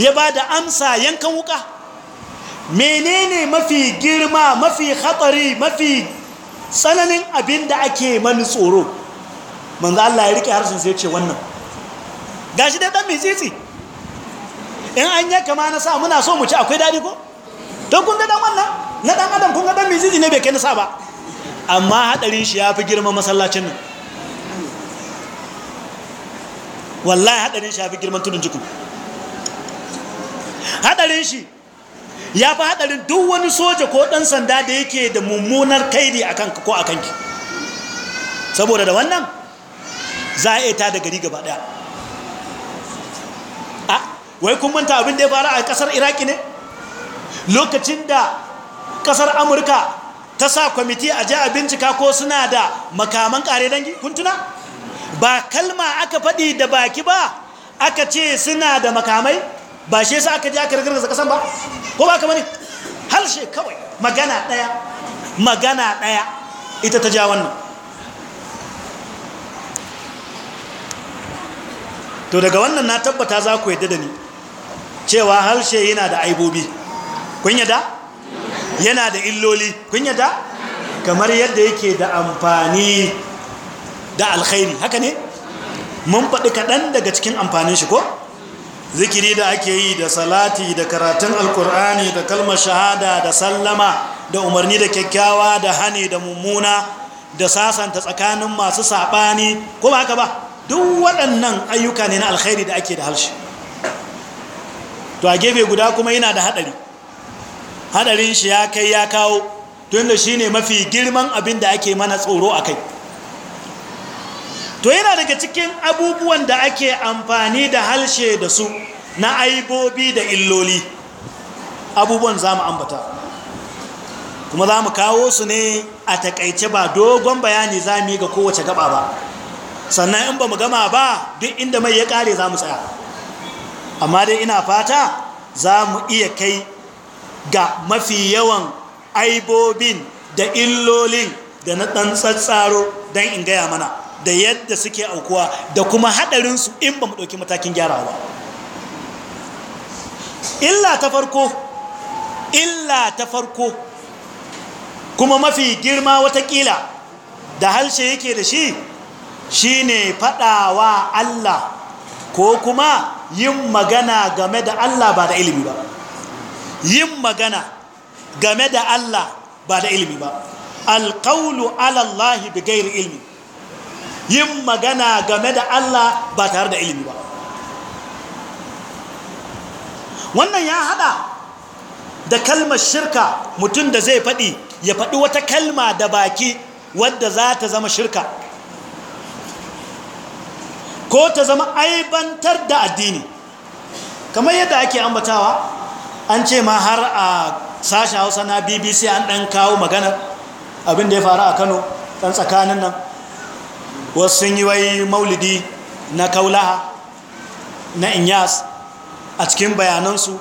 ya ba da amsa yankan wuka menene mafi girma mafi hatsari mafi tsananin abinda ake mani tsoro manzan Allah ya rike harshen sai ya ce wannan gashi dai dan mai tsitsi in an ya kama na sa muna so mu ci akwai daɗi ko don kun ga dan wannan na dan adam kun ga dan mizizi ne bai kai nasa ba amma hadarin shi ya fi girman masallacin nan wallahi hadarin shi ya fi girman tudun jiku hadarin shi ya fi hadarin duk wani soja ko dan sanda da yake da mummunar kaidi a kanka ko a kanki saboda da wannan za a ta da gari gaba daya wai kun manta abin da ya fara a kasar iraki ne lokacin da kasar amurka ta sa kwamiti a ji a bincika ko suna da makaman kare dangi kuntuna ba kalma aka faɗi da baki ba aka ce suna da makamai ba shi yasa aka ji aka rigargaza kasan ba ko ba kamar ne harshe kawai magana ɗaya magana ɗaya ita ta ja wannan to daga wannan na tabbata za ku yadda da ni cewa harshe yana da aibobi kun yadda yana da illoli kun yadda kamar yadda yake da amfani da alkhairi haka ne mun faɗi kaɗan daga cikin amfanin shi ko zikiri da ake yi da salati da karatun alkur'ani da kalmar shahada da sallama da umarni da kyakkyawa da hane da mummuna da sasanta tsakanin masu saɓani ko ba haka ba duk waɗannan ayyuka ne na alkhairi da ake da halshi to a gefe guda kuma yana da haɗari hadarin shi ya kai ya kawo tun da shi ne mafi girman abin da ake mana tsoro a kai to yana daga cikin abubuwan da ake amfani da halshe da su na aibobi da illoli abubuwan za mu ambata kuma za mu kawo su ne a takaice ba dogon bayani za mu yi ga kowace gaba ba sannan in ba mu gama ba duk inda mai ya kare za mu tsaya amma dai ina fata za mu iya kai ga mafi yawan aibobin da illolin da na ɗan tsatsaro don in gaya mana da yadda suke aukuwa da kuma haɗarinsu in ba mu ɗauki matakin gyarawa illa ta farko illa ta farko kuma mafi girma watakila da halshe yake da shi shi ne faɗawa Allah ko kuma yin magana game da Allah ba da ilimi ba yin magana game da Allah ba da ilimi ba alƙaulu alallahi bi gairi ilmi yin magana game da Allah ba tare da ilimi ba wannan ya haɗa da kalmar shirka mutum da zai faɗi ya faɗi wata kalma da baki wadda za ta zama shirka ko ta zama aibantar da addini kamar yadda ake ambatawa an ce ma har a sashen hausa na bbc an ɗan kawo maganar abin da ya faru a kano ɗan tsakanin nan wasu sun yi wai maulidi na kaulaha na inyas a cikin bayanansu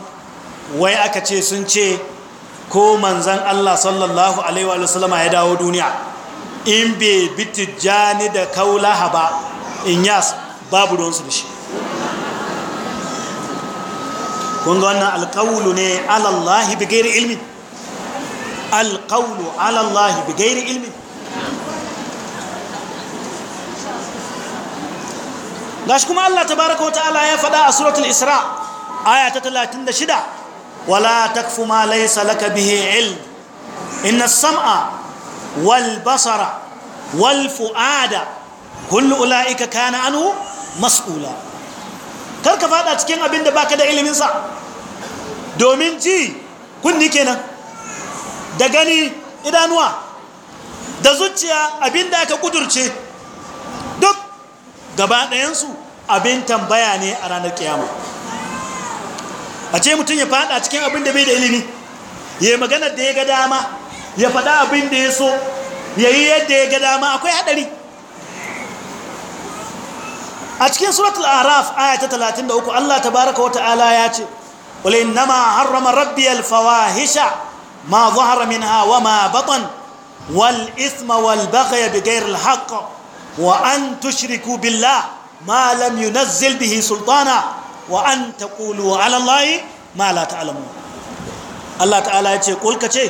wai aka ce sun ce ko manzan allah sallallahu alaihi wasallama ya dawo duniya in bai bi tijjani da kaulaha ba inyas babu ruwansu da shi kun ga wannan alƙawulu ne alallahi bi gairi ilmi alƙawulu alallahi bi gairi ilmi gashi kuma Allah tabaraka wa ta'ala ya faɗa a suratul isra aya ta shida wala takfu ma laysa laka bihi ilm inna sama wal basara wal fu'ada kullu ulaika kana anhu mas'ula kar ka fada cikin abin da baka da iliminsa domin ji kunni kenan da gani idanuwa da zuciya abin da aka kudurce duk gaba ɗayansu abin tambaya ne a ranar kiyama a ce mutum ya fada cikin abin da bai da ilimi ya yi maganar da ya ga dama ya fada abin da ya so ya yi yadda ya ga dama akwai haɗari a cikin suratul araf aya ta 33 Allah tabaraka wa ta'ala ya ce qul innama harrama rabbiyal fawahisha ma zahara minha wa ma batan wal ithma wal baghy bighayri al haqq wa an tushriku billah ma lam yunazzil bihi sultana wa an taqulu ala allahi ma la ta'lamun Allah ta'ala ya ce qul kace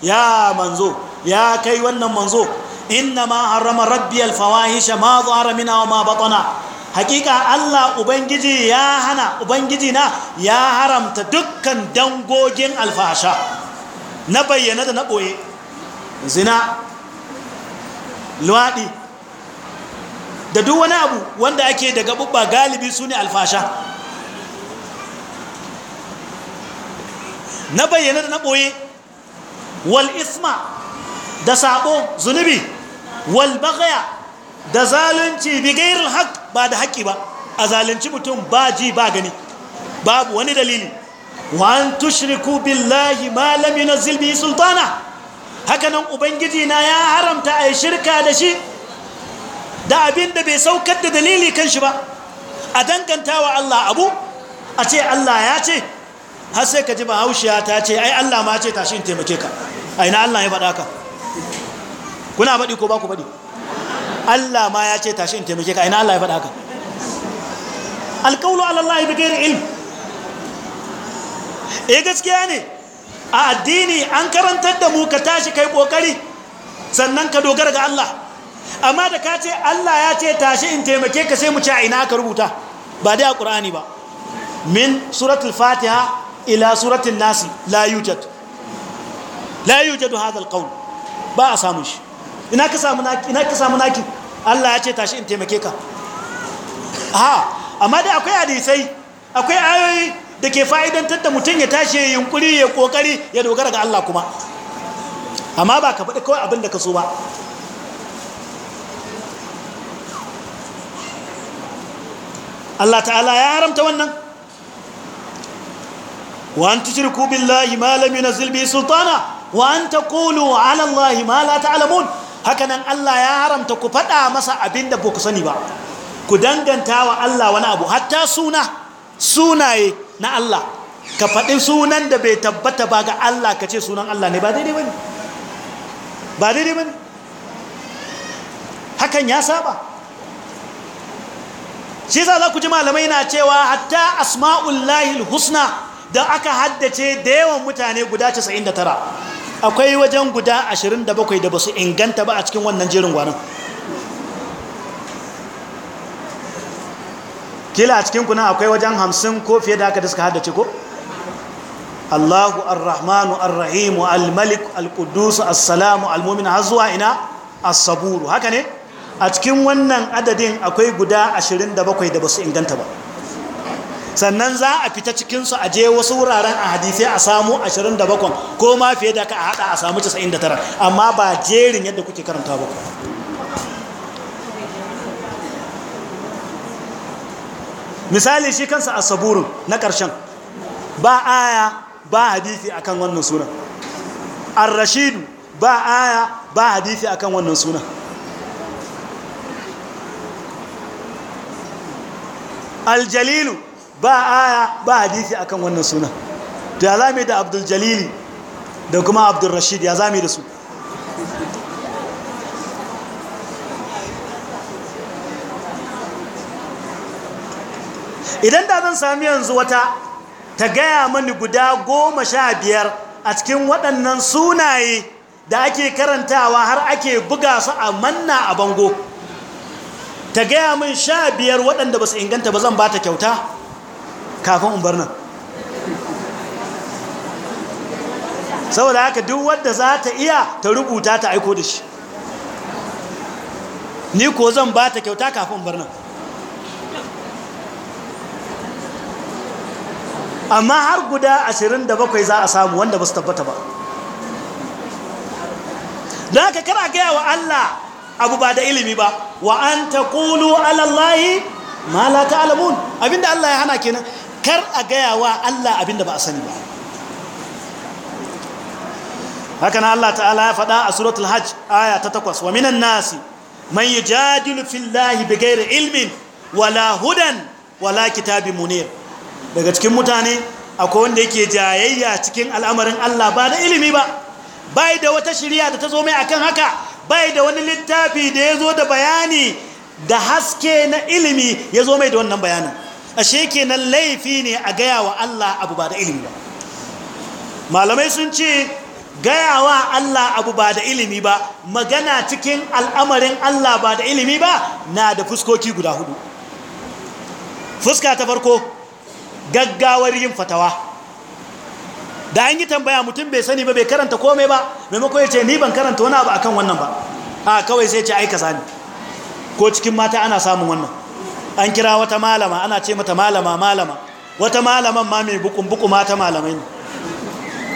ya manzo ya kai wannan manzo innama harrama rabbiyal fawahisha ma zahara minha wa ma batana hakika Allah ubangiji ya hana ubangiji na ya haramta dukkan dangogin alfasha na bayyana da na ɓoye zina luwaɗi da duk wani abu wanda ake daga ɓuɓɓa galibi su ne alfasha na bayyana da na ɓoye wal isma da saɓo zunubi wal bagaya da zalunci bi gairil haq ba da haƙi ba a zalunci mutum ba ji ba gani babu wani dalili wa tushriku billahi malami na yunzil sultana hakanan ubangiji na ya haramta a shirka da shi da abin da bai saukar da dalili kan shi ba a dangantawa Allah abu a ce Allah ya ce har sai ka ji bahaushiya ta ce ai Allah ma ce tashi in taimake ka aina Allah ya faɗa ka kuna faɗi ko ba ku faɗi Allah ma ya ce tashi in taimake ka ina Allah ya faɗa haka alƙawlu ala Allah bi ghairi ilm eh gaskiya ne a addini an karantar da mu ka tashi kai kokari sannan ka dogara ga Allah amma da ka ce Allah ya ce tashi in taimake ka sai mu ci a ina ka rubuta ba dai a Qur'ani ba min suratul Fatiha ila suratul Nas la yujad la yujad hadha alqawl ba a samun shi ina ka samu naki ina ka samu naki Allah ya ce tashi in taimake ka ha amma dai akwai hadisai akwai ayoyi da ke fa'idantar da mutum ya tashi ya yunkuri ya kokari ya dogara ga Allah kuma amma ba ka faɗi kawai abin da ka so ba Allah ta'ala ya haramta wannan wa an tushriku billahi ma lam yunzil bihi sultana wa an taqulu 'ala Allahi ma la ta'lamun hakanan Allah ya haramta ku faɗa masa abin da ku sani ba ku danganta wa Allah wani abu hatta suna sunaye na Allah ka faɗi sunan da bai tabbata ba ga Allah ka ce sunan Allah ne ba daidai ba ne ba daidai ba ne hakan ya saba shi za za ku ji malamai na cewa hatta asma'ullahi husna da aka haddace da yawan mutane guda 99 akwai wajen guda 27 da ba su inganta ba a cikin wannan jerin gwanon kila a cikin kuna akwai wajen 50 ko fiye da aka da suka haddace ko Allahu ar-Rahmanu ar-Rahimu al-Malik al al-Mu'min har zuwa ina asaburu. haka ne a cikin wannan adadin akwai guda 27 da ba su inganta ba sannan za a fita cikinsu a je wasu wuraren a hadisai a samu 27 ko ma fiye da ka a hada a samu 99 amma ba jerin yadda kuke karanta ba misali shi kansa a saburin na ƙarshen ba aya ba hadisi akan wannan sunan ar-rashidu ba aya ba hadisi akan wannan sunan aljalilu ba aya ba hadisi akan wannan sunan da zame da abdul jalili da kuma abdul rashid ya zame da su idan da zan sami yanzu wata ta gaya mani guda goma sha biyar a cikin waɗannan sunaye da ake karantawa har ake buga su a manna a bango ta gaya min sha biyar waɗanda ba su inganta ba zan ba ta kyauta kafin in nan saboda haka duk wadda za ta iya ta rubuta ta aiko da shi ni ko zan ba ta kyauta kafin bar nan amma har guda 27 za a samu wanda ba su tabbata ba don haka kara gaya wa Allah abu ba da ilimi ba wa an ta kulu alallahi ma la ta'alamun abinda Allah ya hana kenan kar a gaya wa Allah abinda ba a sani ba haka na Allah ta'ala ya faɗa a suratul hajj aya ta takwas wa minan nasi man yujadilu fillahi bighairi ilmin wala hudan wala kitabin munir daga cikin mutane akwai wanda yake jayayya cikin al'amarin Allah ba da ilimi ba bai da wata shiriya da ta zo mai akan haka bai da wani littafi da ya zo da bayani da haske na ilimi ya zo mai da wannan bayanin ashe kenan laifi ne a gaya wa Allah abu ba da ilimi ba malamai sun ce gaya wa Allah abu ba da ilimi ba magana cikin al'amarin Allah ba da ilimi ba na da fuskoki guda hudu fuska ta farko gaggawar yin fatawa da an yi tambaya mutum bai sani ba bai karanta komai ba maimakon ya ce ni ban karanta wani abu akan wannan ba a kawai sai ce aika sani ko cikin mata ana samun wannan an kira wata malama ana ce mata malama malama wata malaman ma mai bukun buku mata malamai ne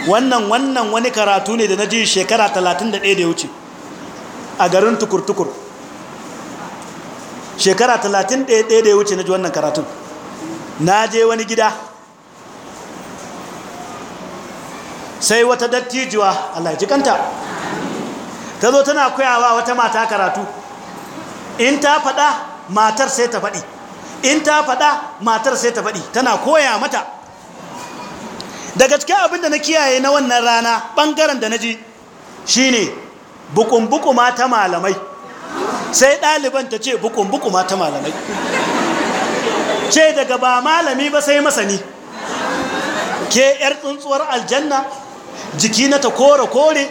wannan wannan wani karatu ne da na ji shekara 31 da ya wuce a garin tukur-tukur shekara 31 da ya wuce na ji wannan karatun na je wani gida sai wata dattijuwa Allah ji kanta ta zo tana koyawa wata mata karatu in ta faɗa matar sai ta faɗi in ta faɗa matar sai ta faɗi tana koya mata daga cikin abin da na kiyaye na wannan rana ɓangaren da na ji shi ne bukumbukuma ta malamai sai ɗaliban ta ce bukumbukuma ta malamai ce daga ba malami ba sai masani ke 'yar tsuntsuwar aljanna jiki na ta kore-kore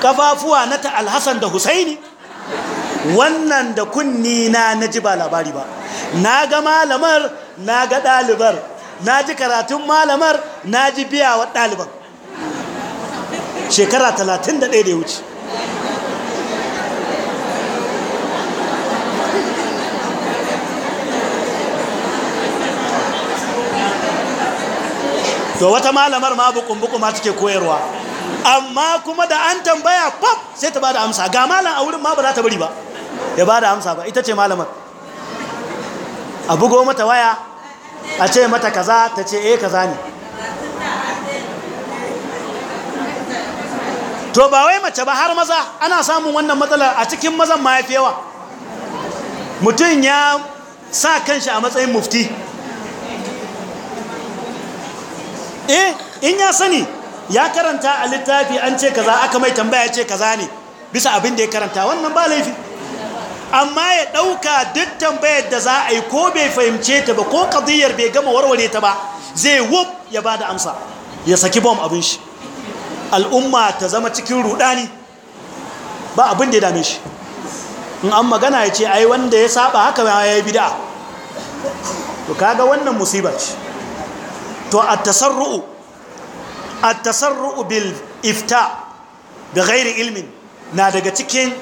ƙafafuwa na ta alhassan da husaini wannan da kunni na na ji ba labari ba na ga malamar na ga ɗalibar na ji karatun malamar na ji biya wa ɗaliban shekara 31 da ya wuce to wata malamar ma bukun-bukun ma take koyarwa amma kuma da an tambaya pop sai ta ba da amsa ga malam a wurin ma ba za ta bari ba ya ba da amsa ba ita ce malamar a bugo mata waya a ce mata kaza ta ce eh kaza ne to ba wai mace ba har maza ana samun wannan matsalar a cikin mazan ma ya yawa mutum ya sa kanshi a matsayin mufti eh in ya sani ya karanta a littafi an ce kaza aka mai tambaya ce kaza ne bisa abin da ya karanta wannan ba laifi amma ya ɗauka duk tambayar da za a yi ko bai fahimce ta ba ko ƙadiyar bai gama warware ta ba zai wuf ya ba da amsa ya saki bom abin shi al'umma ta zama cikin rudani ba abin da ya dame shi in an magana ya ce ai wanda ya saba haka ya yi bida to kaga wannan musibar. ce to a tasarru'u a tasarru'u bil ifta da gairi ilmin na daga cikin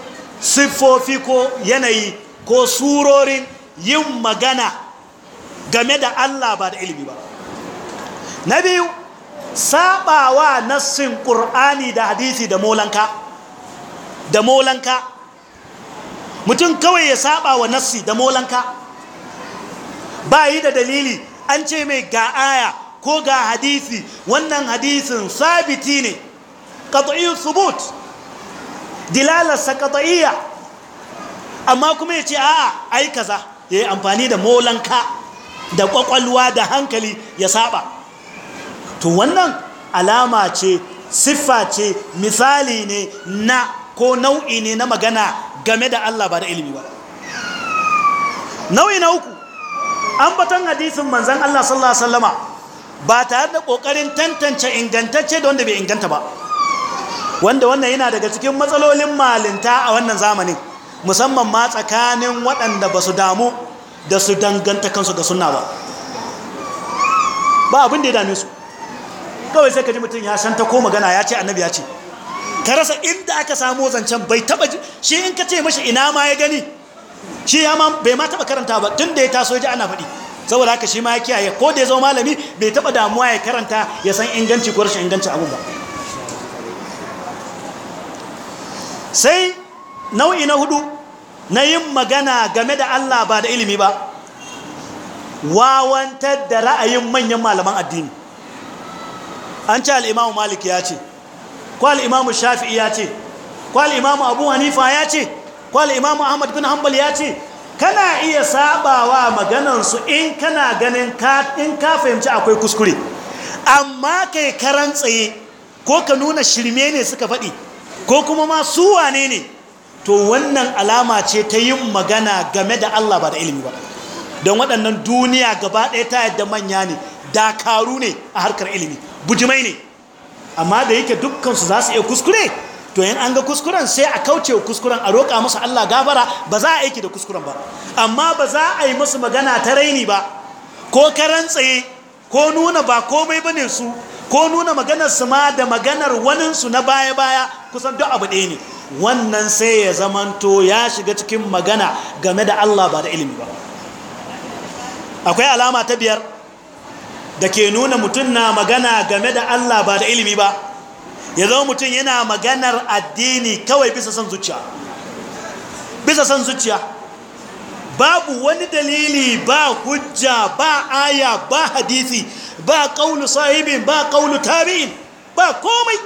siffofi ko yanayi ko surorin yin magana game da Allah ba da ilimi ba na biyu saɓawa nassin ƙur'ani da hadisi da molanka da molanka mutum kawai ya saɓa wa nassi da molanka ba yi da dalili an ce mai ga aya ko ga hadisi wannan hadisin sabiti ne ƙatsayin subut dilalar sakataiya amma kuma ya ce a aika za ya yi amfani da molanka da kwakwalwa da hankali ya saba to wannan alama ce siffa ce misali ne na ko nau'i ne na magana game da Allah ba da ilimi ba nau'i na uku an batan hadisin manzan Allah sallallahu Alaihi ba tare da ƙoƙarin tantance ingantacce da wanda bai inganta ba wanda wannan yana daga cikin matsalolin malinta a wannan zamanin musamman ma tsakanin waɗanda ba su damu da su danganta kansu ga suna ba ba abin da ya dame su kawai sai ka ji mutum ya san ta ko magana ya ce annabi ya ce ka rasa inda aka samu zancen bai taba shi in ka ce mashi ina ma ya gani shi ya ma bai ma taba karanta ba tun da ya taso ji ana faɗi saboda haka shi ma ya kiyaye ko da ya zama malami bai taba damuwa ya karanta ya san inganci ko rashin inganci abubuwa. sai nau'i na hudu na yin magana game da Allah ba da ilimi ba wawantar da ra'ayin manyan malaman addini an ce al'imamu malik ya ce ko al'imamu shafi'i ya ce ko al'imamu abu hanifa ya ce ko al'imamu ahmad bin hanbal ya ce kana iya sabawa maganansu in kana ganin in ka fahimci akwai kuskure amma kai karan tsaye ko ka nuna shirme ne suka faɗi ko kuma ma su wane ne to wannan alama ce ta yin magana game da Allah ba da ilimi ba don waɗannan duniya gaba ɗaya ta yadda manya ne dakaru ne a harkar ilimi bujimai ne amma da yake dukkansu za su iya kuskure to yin an ga kuskuren sai a kauce kuskuren a roƙa musu Allah gabara ba za a aiki da kuskuren ba amma ba za a yi musu magana ta raini ba ko karan tsaye ko nuna ba komai ba su ko nuna maganarsu ma da maganar waninsu na baya-baya kusan duk abu ɗaya ne wannan sai ya zamanto ya shiga cikin magana game da Allah ba da ilimi ba akwai alama ta biyar da ke nuna mutum na magana game da Allah ba da ilimi ba ya zama mutum yana maganar addini kawai bisa son zuciya bisa son zuciya babu wani dalili ba hujja ba aya ba hadisi ba kaulu sahibin ba kaulu tabi'in ba komai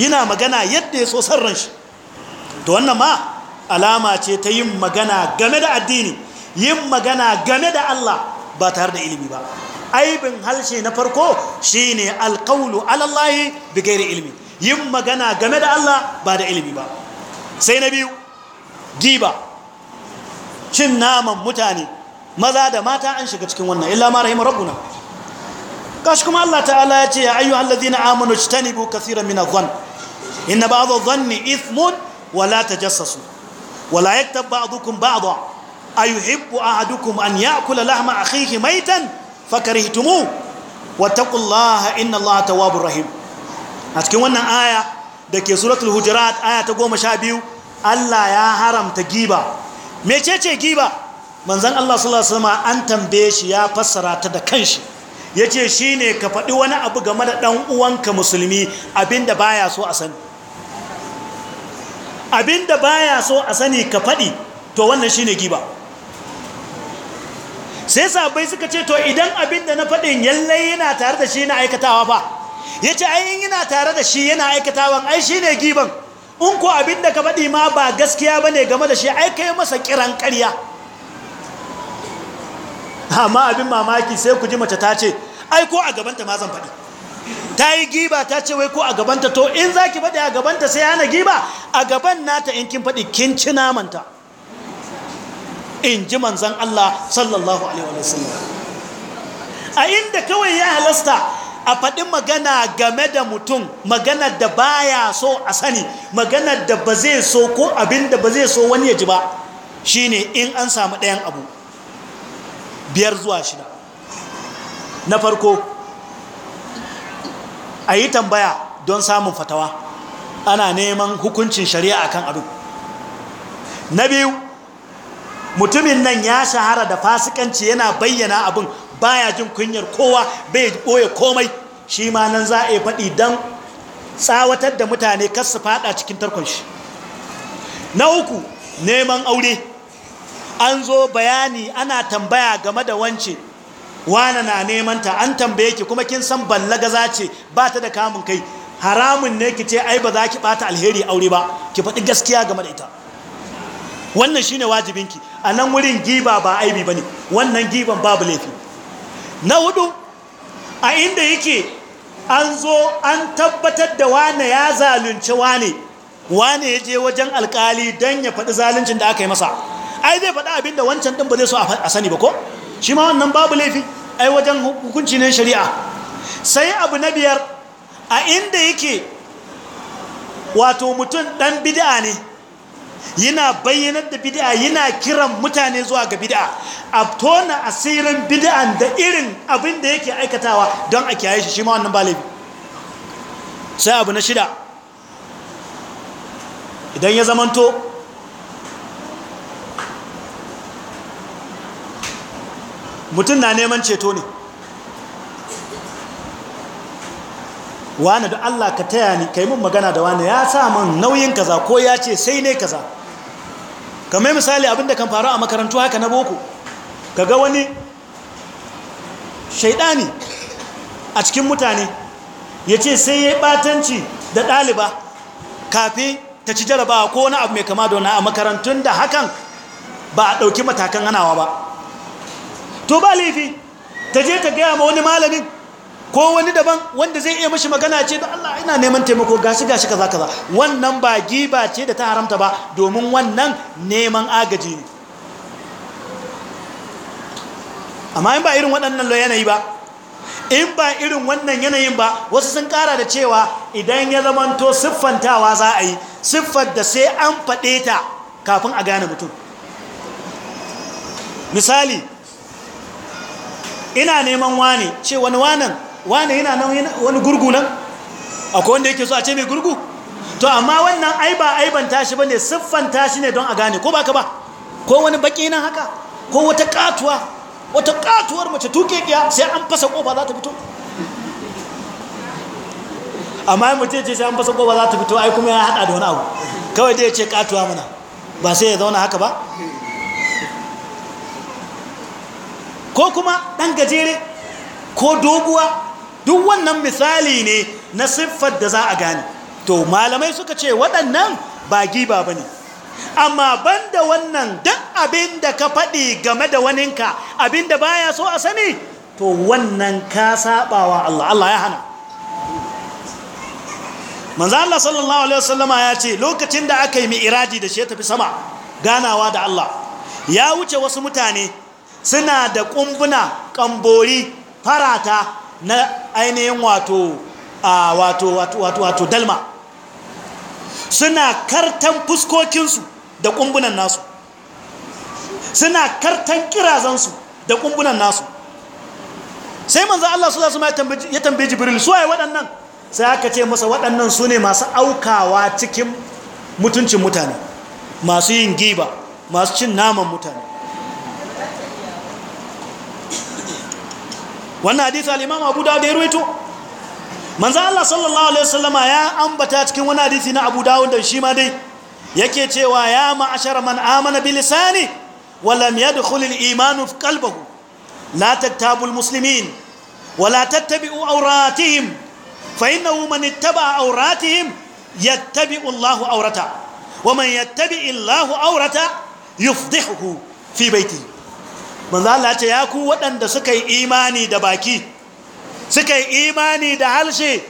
yana magana yadda ya so sarran shi to wannan ma alama ce ta yin magana game da addini yin magana game da Allah ba tare da ilimi ba aibin halshe na farko shine alqaulu alallahi bighairi ilmi yin magana game da Allah ba da ilimi ba sai na biyu giba cin naman mutane maza da mata an shiga cikin wannan illa ma rahim rabbuna kashi kuma Allah ta'ala ya ce ya ayyuhal ladina amanu ijtanibu kaseeran min mina dhann inna ba'd adh-dhanni ithmun wa la tajassasu wa la yaktab ba'dukum ba'dha ayuhibbu ahadukum an ya'kula lahma akhihi maytan fakarihtumuhu wattaqullaha inna ta wabu rahim a cikin wannan aya da ke suratul hujurat aya ta goma sha biyu Allah ya haramta giba mecece giba manzan Allah sallallahu alaihi an tambaye shi ya fassara ta da kanshi shi ne ka faɗi wani abu game da ɗan uwanka musulmi abinda baya so a sani abinda baya so a sani ka faɗi to wannan shi ne giba sai sabai suka ce to idan abinda na faɗin yallai yana tare da shi na aikatawa ba ya ce ainihin yana tare da shi yana aikatawan ai ne giban in ko abin da ka faɗi ma ba gaskiya ba ne game da shi ai kai masa kiran ƙarya amma abin mamaki sai ku ji mace ta ce ai ko a gabanta ma zan faɗi ta yi giba ta ce wai ko a gabanta to in za ki faɗi a gabanta sai hana giba a gaban nata in kin faɗi kin ci namanta in ji manzan Allah sallallahu alaihi wasallam a inda kawai ya halasta a faɗi magana game da mutum magana da baya so a sani magana da ba zai so ko abin da ba zai so wani ya ji ba shine in an samu ɗayan abu biyar zuwa shida na farko a yi tambaya don samun fatawa ana neman hukuncin shari'a kan abu na biyu mutumin nan ya shahara da fasikanci yana bayyana abin baya jin kunyar kowa bai boye komai shi ma nan za a yi faɗi don tsawatar da mutane kar su faɗa cikin tarkon shi na uku neman aure an zo bayani ana tambaya game da wance wane na neman ta an tambaye ki kuma kin san ballagaza zace ba ta da kamun kai haramun ne ki ce ai ba za ki bata alheri aure ba ki faɗi gaskiya game da ita wannan shine wajibinki a nan wurin giba ba aibi bane wannan giban babu laifi na hudu a inda yake an zo an tabbatar da wane ya zalunci wane wane ya je wajen alkali don ya faɗi zaluncin da aka yi masa ai zai faɗi abinda wancan ɗin ba zai so a sani ba ko shi ma wannan babu laifi ai wajen hukunci ne shari'a sai abu na biyar a inda yake wato mutum ɗan bid'a ne yana bayyanar da bid'a yana kiran mutane zuwa ga bid'a a tona asirin bid'an da irin abin da yake aikatawa don a kiyaye shi shi ma wannan balibi sai abu na shida idan ya zamanto mutum na neman ceto ne wani da Allah ka taya ni ka yi mun magana da wani ya sa man nauyin kaza ko ya ce sai ne kaza kamar misali abinda kan faru a makarantu haka na boko ka ga wani shaidani a cikin mutane ya ce sai ya yi batanci da ɗaliba kafin ta ci jarabawa ko wani abu mai kama da wani a makarantun da hakan ba a ɗauki matakan hanawa ba to ba laifi ta je ta gaya ma wani malamin ko wani daban wanda zai iya mashi magana ce da Allah ina neman taimako gashi gashi kaza kaza wannan ba giba ce da ta haramta ba domin wannan neman agaji ne amma in ba irin waɗannan yanayi ba in ba irin wannan yanayin ba wasu sun kara da cewa idan ya zamanto siffantawa za a yi siffar da sai an faɗe ta kafin a gane mutum misali ina neman wani ce wani wanan wane yana nan wani gurgu nan akwai wanda yake so a ce mai gurgu to amma wannan ai ba aiban tashi ba ne siffan tashi ne don a gane ko baka ba ko wani baki nan haka ko wata katuwa wata katuwar mace tuke kiya sai an fasa kofa za ta fito amma mu ce sai an fasa kofa za ta fito ai kuma ya hada da wani abu kawai dai ya ce katuwa mana ba sai ya zauna haka ba ko kuma dan gajere ko doguwa duk wannan misali ne na siffar da za a gane to malamai suka ce waɗannan ba giba ba ne amma banda wannan duk abin da ka faɗi game da waninka abin da baya so a sani to wannan ka saɓawa Allah Allah ya hana manzo Allah sallallahu alaihi wasallama ya ce lokacin da aka yi mi'raji da shi ya tafi sama ganawa da Allah ya wuce wasu mutane suna da ƙumbuna ƙambori farata na ainihin wato wato wato wato dalma suna kartan fuskokinsu da kumbunan nasu suna kartan kirazansu da kumbunan nasu sai manzan Allah su zasu ya tambaye Jibril su waye waɗannan sai aka ce masa waɗannan su ne masu aukawa cikin mutuncin mutane masu yin giba masu cin naman mutane wannan hadisi al-imam abu dawud ya ruwaito manzo Allah sallallahu alaihi wasallama ya ambata cikin wani hadisi na abu dawud da shi ma dai yake cewa ya ma'ashara man amana bi lisani wa lam yadkhul al-iman fi qalbihi la tattabu al-muslimin wa la tattabi'u awratihim fa innahu man ittaba'a awratihim yattabi'u Allahu awrata wa man yattabi'illahu aurata awrata yufdihuhu fi baytihi manzo Allah ce ya ku waɗanda suka yi imani da baki suka yi imani da halshe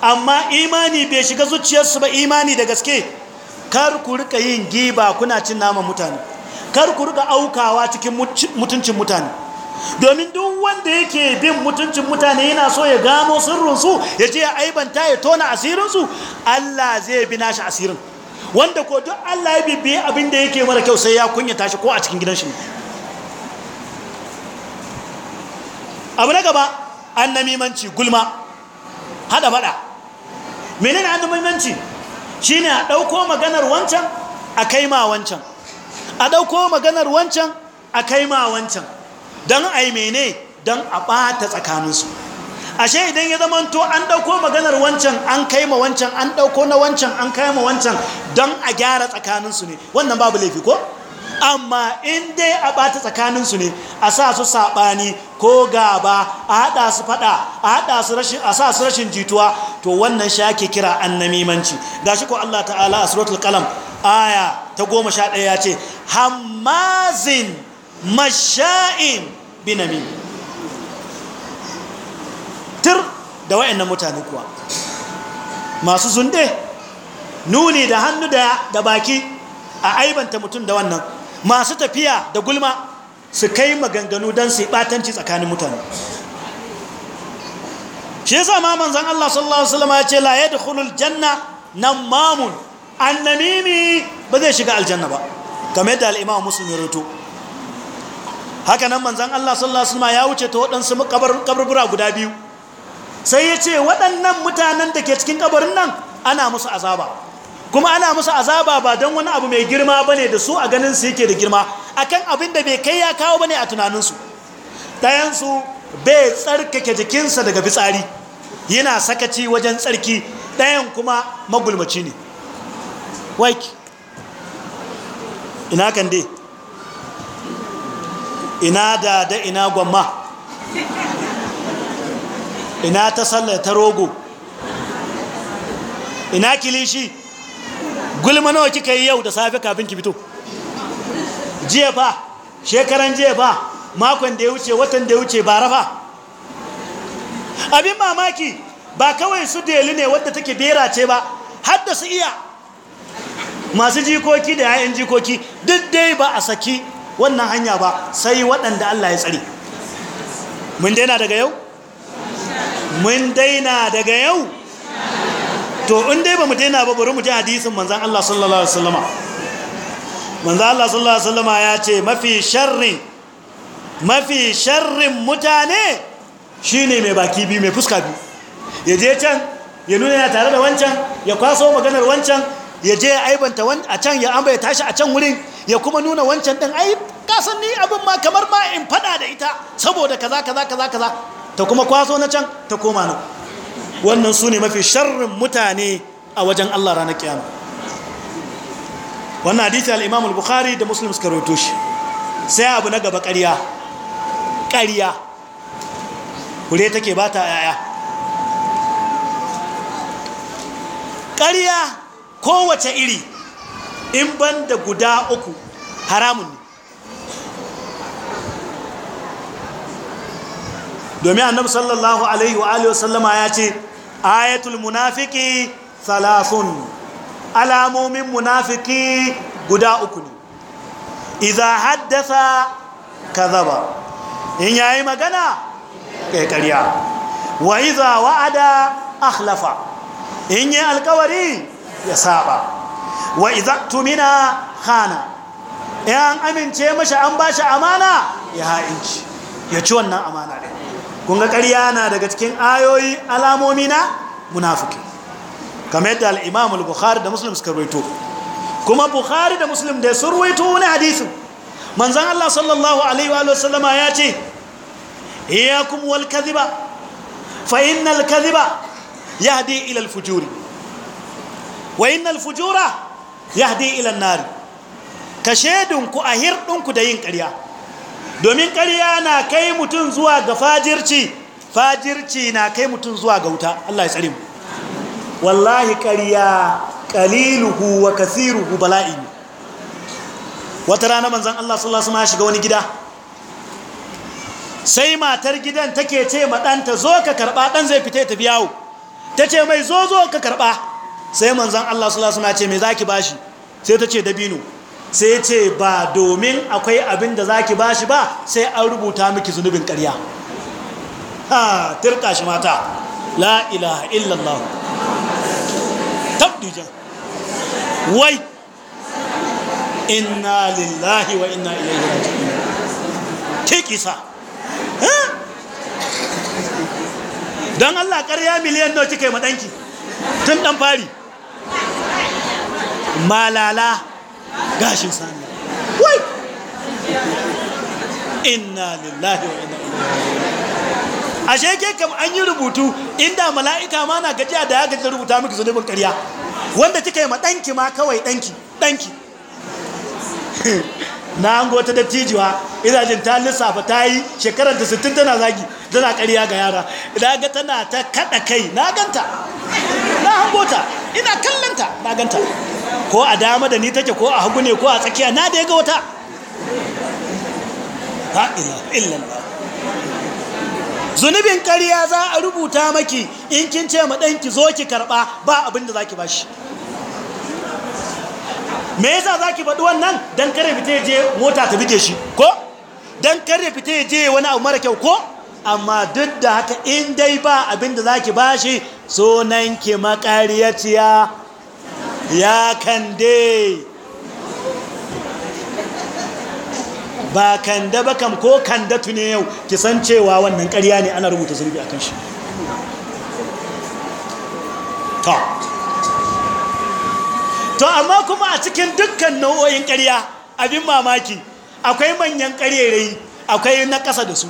amma imani bai shiga zuciyarsu ba imani da gaske kar ku rika yin giba kuna cin naman mutane kar ku rika aukawa cikin mutuncin mutane domin duk wanda yake bin mutuncin mutane yana so ya gano sirrinsu ya je ya aibanta ya tona asirinsu Allah zai bi nashi asirin wanda ko duk Allah ya bibbi abin da yake mara kyau sai ya kunyata shi ko a cikin gidan shi ne abu na gaba an namimanci gulma hada bada menene an namimanci shine a dauko maganar wancan a kai ma wancan a dauko maganar wancan a kai ma wancan don ai mene don a bata tsakaninsu ashe idan ya zama to an dauko maganar wancan an kai ma wancan an dauko na wancan an kai ma wancan don a gyara tsakaninsu ne wannan babu laifi ko amma in dai a ɓata tsakaninsu ne a sa su saɓani ko gaba a haɗa su faɗa a haɗa su rashin a sa su rashin jituwa to wannan shi ake kira annamimanci gashi ko Allah ta'ala a suratul kalam aya ta goma sha ɗaya ya ce hamazin masha'in binami tir da wa'annan mutane kuwa masu zunde nuni da hannu da baki a aibanta mutum da wannan masu tafiya da gulma su kai maganganu don su batanci tsakanin mutane shi yasa ma zan Allah sallallahu alaihi wasallam ya ce laye da yadkhulul janna namamun annamimi ba zai shiga aljanna ba game da al-Imam Muslim ya haka nan manzan Allah sallallahu alaihi ya wuce ta waɗansu bura guda biyu sai ya ce waɗannan mutanen da ke cikin kabarin nan ana musu azaba kuma ana musu azaba ba don wani abu mai girma ba ne da su a ganin su yake da girma akan abin da bai kai ya kawo ba ne a tunaninsu ɗayansu bai tsarkake jikinsa daga fitsari yana sakaci wajen tsarki ɗayan kuma magulmaci ne waiki ina kan dai ina da da ina gwamma ina ta tsallata rogo ina kilishi gulma nawa kika yi yau da safe kafin ki fito jiya fa shekaran jiya fa makon da ya wuce watan da ya wuce ba rafa abin mamaki ba kawai su deli ne wadda take bera ce ba hadda su iya masu jikoki da 'ya'yan jikoki duk dai ba a saki wannan hanya ba sai waɗanda Allah ya tsari. mun daina daga yau mun daina daga yau to in dai ba mu daina ba bari mu ji hadisin manzan Allah sallallahu alaihi wasallama manzan Allah sallallahu alaihi wasallama ya ce mafi sharrin mafi sharrin mutane shine mai baki biyu mai fuska biyu ya je can ya nuna ya tare da wancan ya kwaso maganar wancan ya je ya aibanta a can ya amba ya tashi a can wurin ya kuma nuna wancan din ai kasan ni abin ma kamar ma in fada da ita saboda kaza kaza kaza kaza ta kuma kwaso na can ta koma nan wannan su ne mafi sharrin mutane a wajen Allah ranar kiyama wannan hadithi Alimamul al-bukhari da muslims suka shi sai abu na gaba karya ƙarya kure take ba ta yaya karya kowace iri in ban da guda uku haramun ne domin annabi sallallahu alaihi wa alihi wasallama ya ce ayatul munafiki salasun alamomin munafiki guda uku ne iza haddasa kazaba in yayi magana ƙarya wa iza wa'ada akhlafa in yi alkawari ya saba wa iza tumina hana in amince mashi an bashi amana ya ha'inci ya ci wannan amana ɗin kun ga ƙarya na daga cikin ayoyi alamomi na munafiki kamar yadda al al-Bukhari da Muslim suka rawaito kuma Bukhari da Muslim da sun rawaito wani hadisin Manzan Allah sallallahu alaihi wa sallama ya ce iyyakum wal kadhiba fa innal kadhiba yahdi ila al-fujuri wa innal fujura yahdi ila an-nar ka shedun a hirɗunku da yin ƙarya domin ƙarya na kai mutum zuwa ga fajirci fajirci na kai mutum zuwa ga wuta Allah ya tsare mu wallahi ƙarya qaliluhu wa kathiruhu bala'i wata rana manzon Allah sallallahu alaihi wasallam shiga wani gida sai matar gidan take ce ma ɗanta zo ka karba dan zai fita ta biyawo tace mai zo zo ka karba sai manzon Allah sallallahu alaihi wasallam ce me zaki bashi sai tace dabino sai ce ba domin akwai abin da za ki ba shi ba sai an rubuta miki zunubin karya ha tirka shi mata la ilaha illallah tabdijan wai inna lillahi wa inna ilaihi raji'un kikisa don Allah ƙarya miliyan nawa kika yi maɗanki tun ɗan fari malala gashin sani wai inna lillahi wa inna ilaihi ashe ke kam an yi rubutu inda mala'ika ma na gajiya da ya gaji da rubuta miki zunubin karya wanda kika yi ma ɗanki ma kawai ɗanki ɗanki na hango wata dattijuwa ina jin ta lissafa ta yi shekarar da sittin tana zagi tana ƙarya ga yara ina ga tana ta kaɗa kai na ganta na hango ta ina kallanta na ganta ko a dama da ni take ko a hagu ne ko a tsakiya na da ya ga wata ha'ila illallah zunubin ƙarya za a rubuta maki in kin ce ma ɗanki zo ki karɓa ba abin da za ki ba shi me yasa ki faɗi wannan dan kare fita je mota ta bige shi ko dan kare fita je wani abu mara kyau ko amma duk da haka in dai ba abin da zaki bashi sunan ki makariyaciya ya kande ba kanda ba kam ko kanda tune yau ki san cewa wannan ƙarya ne ana rubuta zurbi akan shi to amma kuma a cikin dukkan nau'o'in ƙarya abin mamaki akwai manyan ƙarerai akwai na ƙasa da su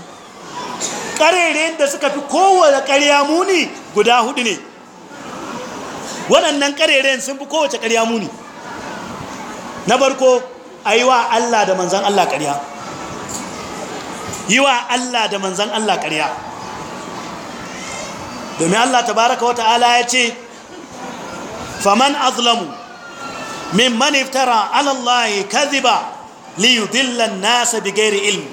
ƙarerayin da suka fi kowace ƙarya muni guda hudu ne waɗannan ƙarerayin sun fi kowace ƙarya muni na barko a yi wa Allah da manzan Allah ƙarya yi wa Allah da manzan Allah ƙarya domin Allah ta baraka wata ala ya ce faman azlamu Min iftara ala Allah kadhiba nasa yudilla ilmi. nas bighairi ilm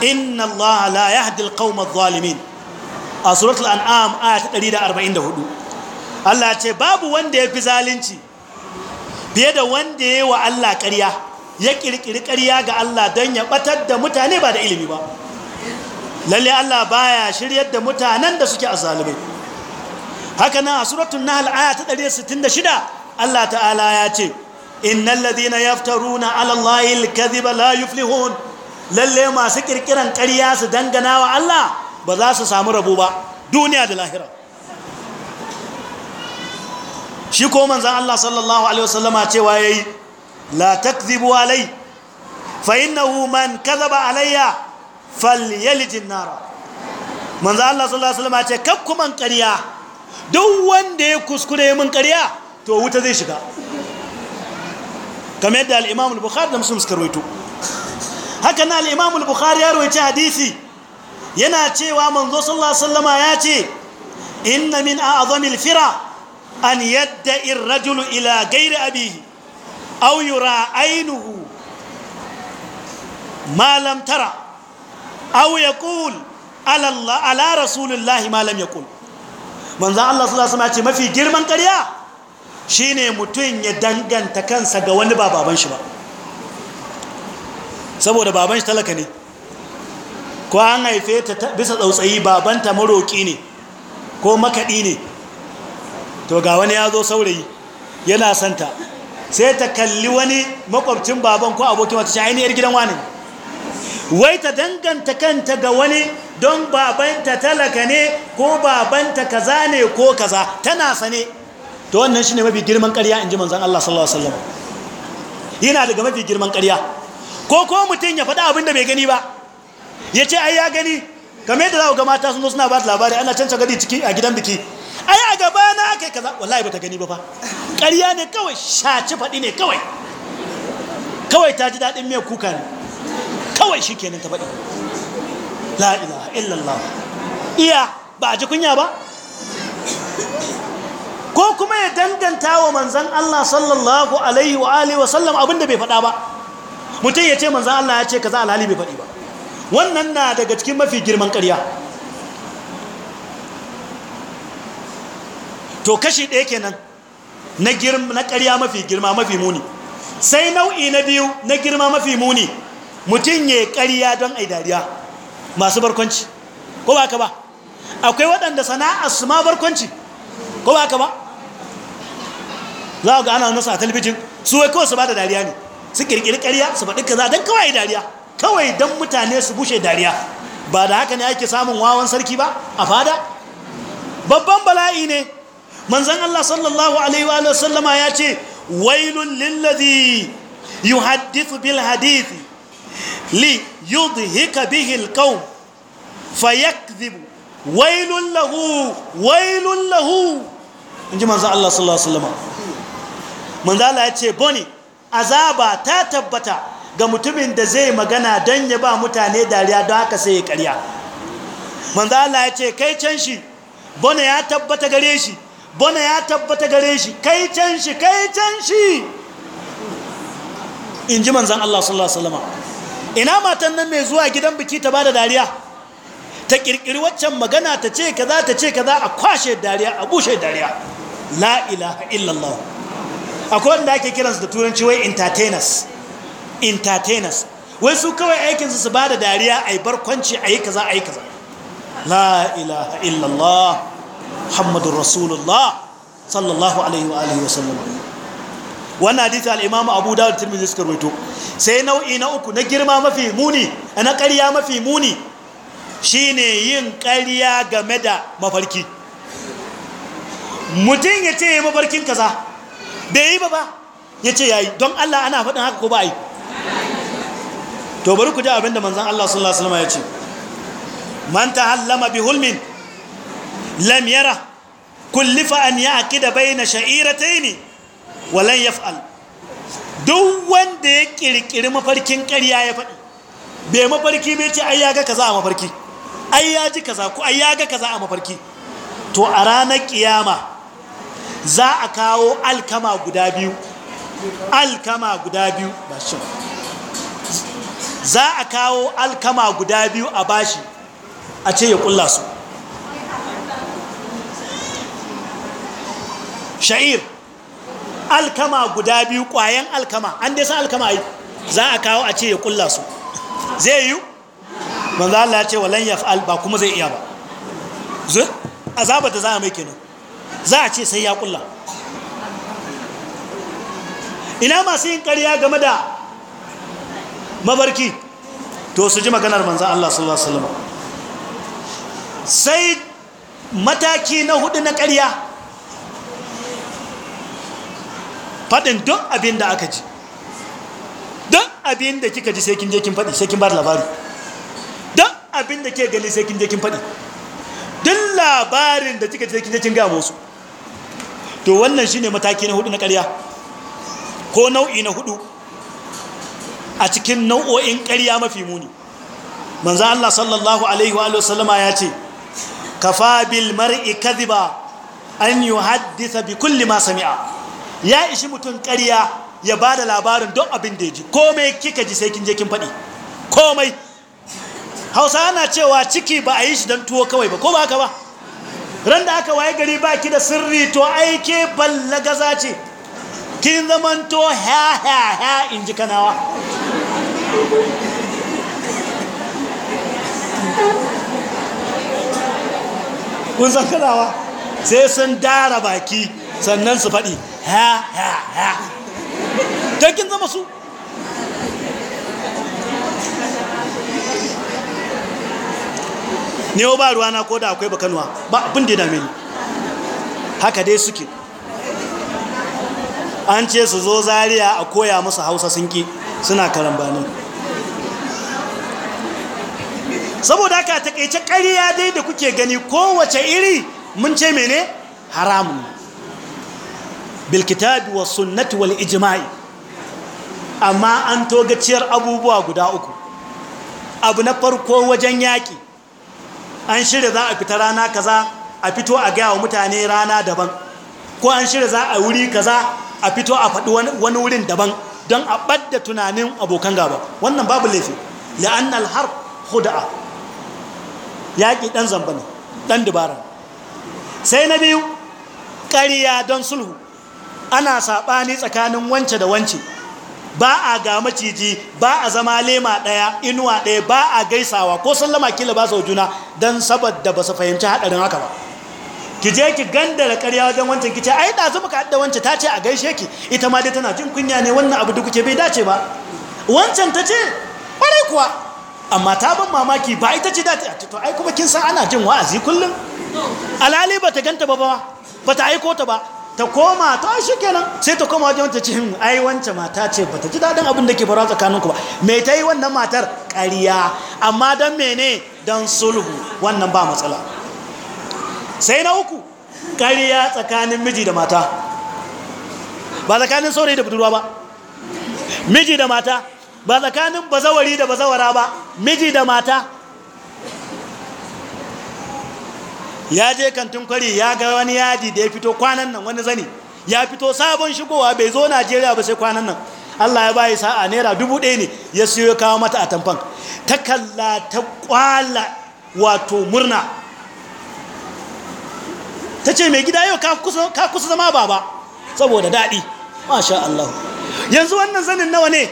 inna Allah la yahdi al-qawm adh an'am aya 144 Allah ce babu wanda ya fi zalunci fiye da wanda ya yi wa Allah ƙarya ya ƙirƙiri ƙarya ga Allah don ya batar da mutane ba da ilimi ba lalle Allah baya shiryar da mutanen da suke a haka nan a suratul nahl aya ta 166 Allah ta'ala ya ce innal ladina yaftaruna ala allahi alkadhiba la yuflihun lalle masu kirkiran ƙarya su dangana wa Allah ba za su samu rabo ba duniya da lahira shi ko manzon Allah sallallahu alaihi wasallama cewa yayi la takdhibu alai fa innahu man kadhaba alayya falyalijin nara manzon Allah sallallahu alaihi wasallama ce kakkuman ƙarya duk wanda ya kuskure min ƙarya to wuta zai shiga kamar yadda al'imamul al-bukhari da muslim suka rawaito haka na al'imamul al-bukhari ya rawaita hadisi yana cewa manzo sallallahu alaihi ya ce inna min a'zamil fira an yadda in rajulu ila gairi abihi aw yura ainuhu ma lam tara aw yaqul ala ala rasulillahi malam ya yaqul manzo Allah sallallahu alaihi ya ce mafi girman ƙarya Shi ne mutum ya danganta kansa ga wani ba baban shi ba saboda baban shi talaka ne ko an haife ta bisa tsautsayi babanta maroki ne ko makaɗi ne to ga wani ya zo saurayi yana santa sai ta kalli wani makwabcin baban ko abokin wata shi ainihin gidan wani wai ta danganta kanta ga wani don babanta talaka ne ko babanta kaza ne ko kaza tana sane to wannan shine mafi girman ƙarya inji manzon Allah sallallahu alaihi wasallam yana daga mafi girman karya. ko ko mutum ya faɗa abin da bai gani ba ya ce ai ya gani game da za ga mata sun zo suna ba su labari ana canca gadi ciki a gidan biki ai a gaba na aka yi kaza wallahi ba ta gani ba fa ƙarya ne kawai shaci faɗi ne kawai kawai ta ji daɗin mai kuka ne kawai shi kenan ta faɗi la ilaha illallah iya ba a ji kunya ba ko kuma ya danganta wa manzan Allah sallallahu alaihi wa Alaihi wa sallam abinda bai faɗa ba mutum ya ce manzan Allah ya ce ka za alhali bai faɗi ba wannan na daga cikin mafi girman ƙarya to kashi ɗaya kenan na girma ƙarya mafi girma mafi muni sai nau'i na biyu na girma mafi muni mutum ya ƙarya don a dariya masu barkwanci ko ba ka ba akwai waɗanda sana'a su ma barkwanci ko ba haka ba za ga ana nasu a talibijin su wai kawai su ba da dariya ne su kirkiri karya su faɗi kaza don kawai dariya kawai don mutane su bushe dariya ba da haka ne ake samun wawan sarki ba a fada babban bala'i ne manzan Allah sallallahu alaihi wa sallama ya ce wailun lillazi yuhaddithu bil hadithi li yudhika bihi al fayakdhibu wailun lahu wailun lahu in ji manzan Allah sallallahu Alaihi wasallama manzan Allah ya ce boni azaba ta tabbata ga mutumin da zai magana don ya ba mutane dariya don haka sai ya karya manzan Allah ya ce kai can shi boni ya tabbata gare shi boni ya tabbata gare shi kai can shi kai can shi in ji manzan Allah sallallahu Alaihi wasallama ina matan nan mai zuwa gidan biki ta ba da dariya ta kirkiri waccan magana ta ce kaza ta ce kaza a kwashe dariya a bushe dariya la ilaha illallah akwai wanda ake kiransu da turanci wai entertainers entertainers wai su kawai aikinsu su ba da dariya a yi barkwanci a yi kaza a yi kaza la ilaha illallah muhammadun rasulullah sallallahu alaihi wa alihi wasallam wannan hadisi al abu dawud tirmidhi suka rawaito sai nau'i na uku na girma mafi muni na ƙarya mafi muni shine yin ƙarya game da mafarki mutum ya ce ya yi mafarkin kaza bai yi ba ba ya ce ya yi don Allah ana faɗin haka ko ba yi to bari ku ji abinda manzan Allah sallallahu Alaihi wasallam ya ce Manta hallama bi hulmin lam yara kullifa an ya aki da bai na yi ne walan ya fa'al duk wanda ya ƙirƙiri mafarkin ƙarya ya faɗi bai mafarki bai ce ai ya ga kaza a mafarki ai ya ji kaza ko ai ya ga kaza a mafarki to a ranar ƙiyama za a kawo alkama guda biyu alkama guda biyu za a kawo alkama guda biyu a bashi a ce ya kulla su sha'ir alkama guda biyu kwayan alkama an dai san alkama yi za a kawo a ce ya kulla su zai yi manzo Allah ya ce walan yaf'al ba kuma zai iya ba azaba da za a mai kenan za a ce sai ya kulla ina masu yin ƙarya game da mabarki to su ji maganar manzan Allah sallallahu Alaihi sai mataki na hudu na ƙarya faɗin don abin da aka ji Don abin da kika ji sai kin je kin faɗi sai kin ba da labari Don abin da ke gani sai kin je kin faɗi labarin da kika je kin ga musu to wannan shine mataki na hudu na ƙarya ko nau'i na hudu a cikin nau'o'in ƙarya mafi muni manzo Allah sallallahu alaihi wa sallama ya ce kafa bil mar'i kadhiba an yuhaddisa bi kulli ma sami'a ya ishi mutum ƙarya ya bada labarin don abin da ya yaji komai kika ji sai kin je kin faɗi komai Hausa ana cewa ciki ba a yi shi don tuwo kawai ba ko ba haka ba Randa aka waye gari baki da sirri to aike ballagaza ce kin zamanto ha ha ha in ji kanawa kun san kanawa sai sun dara baki sannan su faɗi ha ha ha ta kin zama su ne ba ruwana ko da akwai bakanuwa ba abin da dame ni haka dai suke an ce su zo zariya a koya musu hausa sun ki suna karambani saboda haka takaice ƙarya dai da kuke gani kowace iri mun ce mene haramun bilkitabi wa sunnati wal ijima'i amma an togaciyar abubuwa guda uku abu na farko wajen yaƙi an shirya za a fita rana kaza a fito a gaya wa mutane rana daban ko an shirya za a wuri kaza a fito a faɗi wani wurin daban don a ɓadda tunanin abokan gaba wannan babu laifi la'an alhar huda'a yaƙi ɗan zamba ne ɗan dubara sai na biyu ƙariya don sulhu ana saɓani tsakanin wance da wance ba a ga maciji ba a zama lema ɗaya inuwa ɗaya ba a gaisawa ko sallama kila ba sau juna don saboda ba su fahimci haɗarin haka ba ki je ki ganda da ƙarya wajen wancan ki ce ai ɗazu muka haɗa wancan ta ce a gaishe ki ita ma dai tana jin kunya ne wannan abu da kuke bai dace ba wancan ta ce ƙwarai kuwa amma ta ban mamaki ba ita ce dace a to ai kuma kin san ana jin wa'azi kullum alali ba ta ganta ba ba ba ta aiko ta ba ta koma ta shi kenan sai ta koma wajen ta ce hmm, ai wancan mata ce bata ji daɗin abin da ke faruwa tsakaninku ba me ta yi wannan matar ƙarya amma don mene don sulhu wannan ba matsala sai na uku ƙarya tsakanin miji da mata ba tsakanin saurayi da budurwa ba miji da mata ba tsakanin bazawari da bazawara ba miji da mata ya je kantin kwari ya ga wani yadi da ya fito kwanan nan wani zani ya fito sabon shigowa bai zo najeriya ba sai kwanan nan allah ya bayi sa'a naira dubu ɗaya ne ya siyo kawo mata a tamfan ta kalla ta kwala wato murna ta ce mai gida yau ka kusa zama baba saboda daɗi masha allah yanzu wannan zanin nawa ne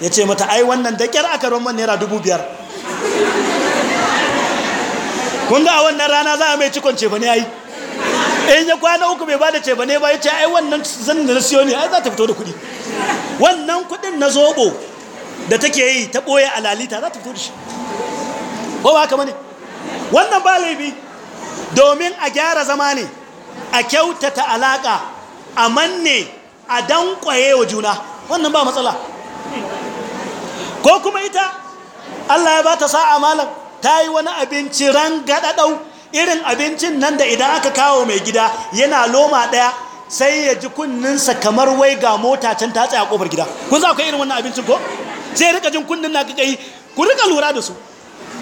ya ce mata ai wannan da kyar aka roman naira dubu biyar kun ga wannan rana za a mai cikon cefane yayi in ya kwana uku bai bada cefane ba ya ce ai wannan zanen da na siyo ne ai za ta fito da kuɗi wannan kuɗin na zobo da take yi ta ɓoye a lalita za ta fito da shi ko ba haka ne wannan ba laifi domin a gyara zama ne a kyautata alaƙa a manne a dankwaye wa juna wannan ba matsala ko kuma ita Allah ya ba ta sa'a malam ta yi wani abinci rangadadau irin abincin nan da idan aka kawo mai gida yana loma ɗaya sai ya ji kunninsa kamar wai ga mota can ta a kofar gida kun za ku irin wannan abincin ko sai rika jin kunnin na kai ku rika lura da su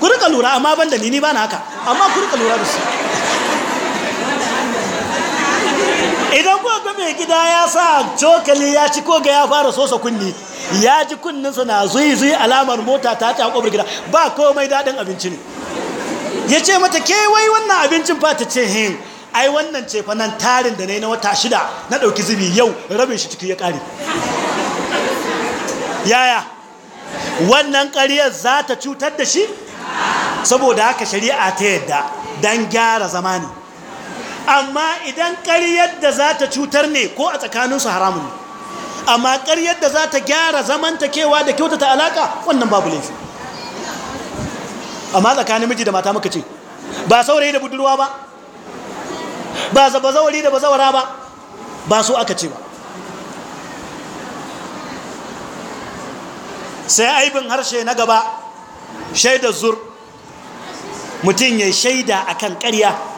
ku rika lura amma ban da ni ni bana haka amma ku rika lura da su ga mai gida ya sa cokali ya ci koga ya fara sosa kunni ya ji kunninsa na zuyi-zuyi alamar mota ta ta kobar gida ba komai daɗin abinci ne ya ce mata kewai wannan abincin ta ce hin ai wannan ce fa nan tarin da na yi na wata shida na ɗauki zubi yau rabin shi ciki ya ƙare yaya wannan ƙaryar za ta cutar da shi saboda haka shari'a ta yadda don gyara zamani amma idan ƙaryar da za ta cutar ne ko a tsakaninsu haramun ne amma ƙaryar da za ta gyara zamantakewa da kyautata alaƙa wannan babu laifi amma tsakanin miji da mata muka ce ba saurayi da budurwa ba ba zaba da bazawara ba ba su aka ce ba sai aibin harshe na gaba shaidar zur mutum ya shaida akan ƙarya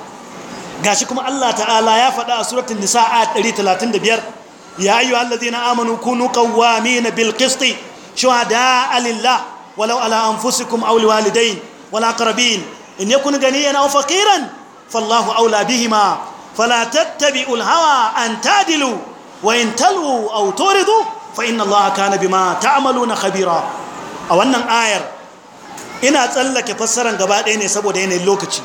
gashi kuma Allah ta'ala ya faɗa a suratul nisa ayat 135 ya ayyuhal na amanu kunu qawwamin bil qisti shuhada'a lillah walau ala anfusikum aw liwalidayn wala aqrabin in yakun ganiyan aw faqiran fallahu awla bihima fala tattabi'ul hawa an tadilu wa in talu aw turidu fa inna allaha kana bima ta'maluna khabira a wannan ayar ina tsallake fassaran gaba ɗaya ne saboda yanayin lokaci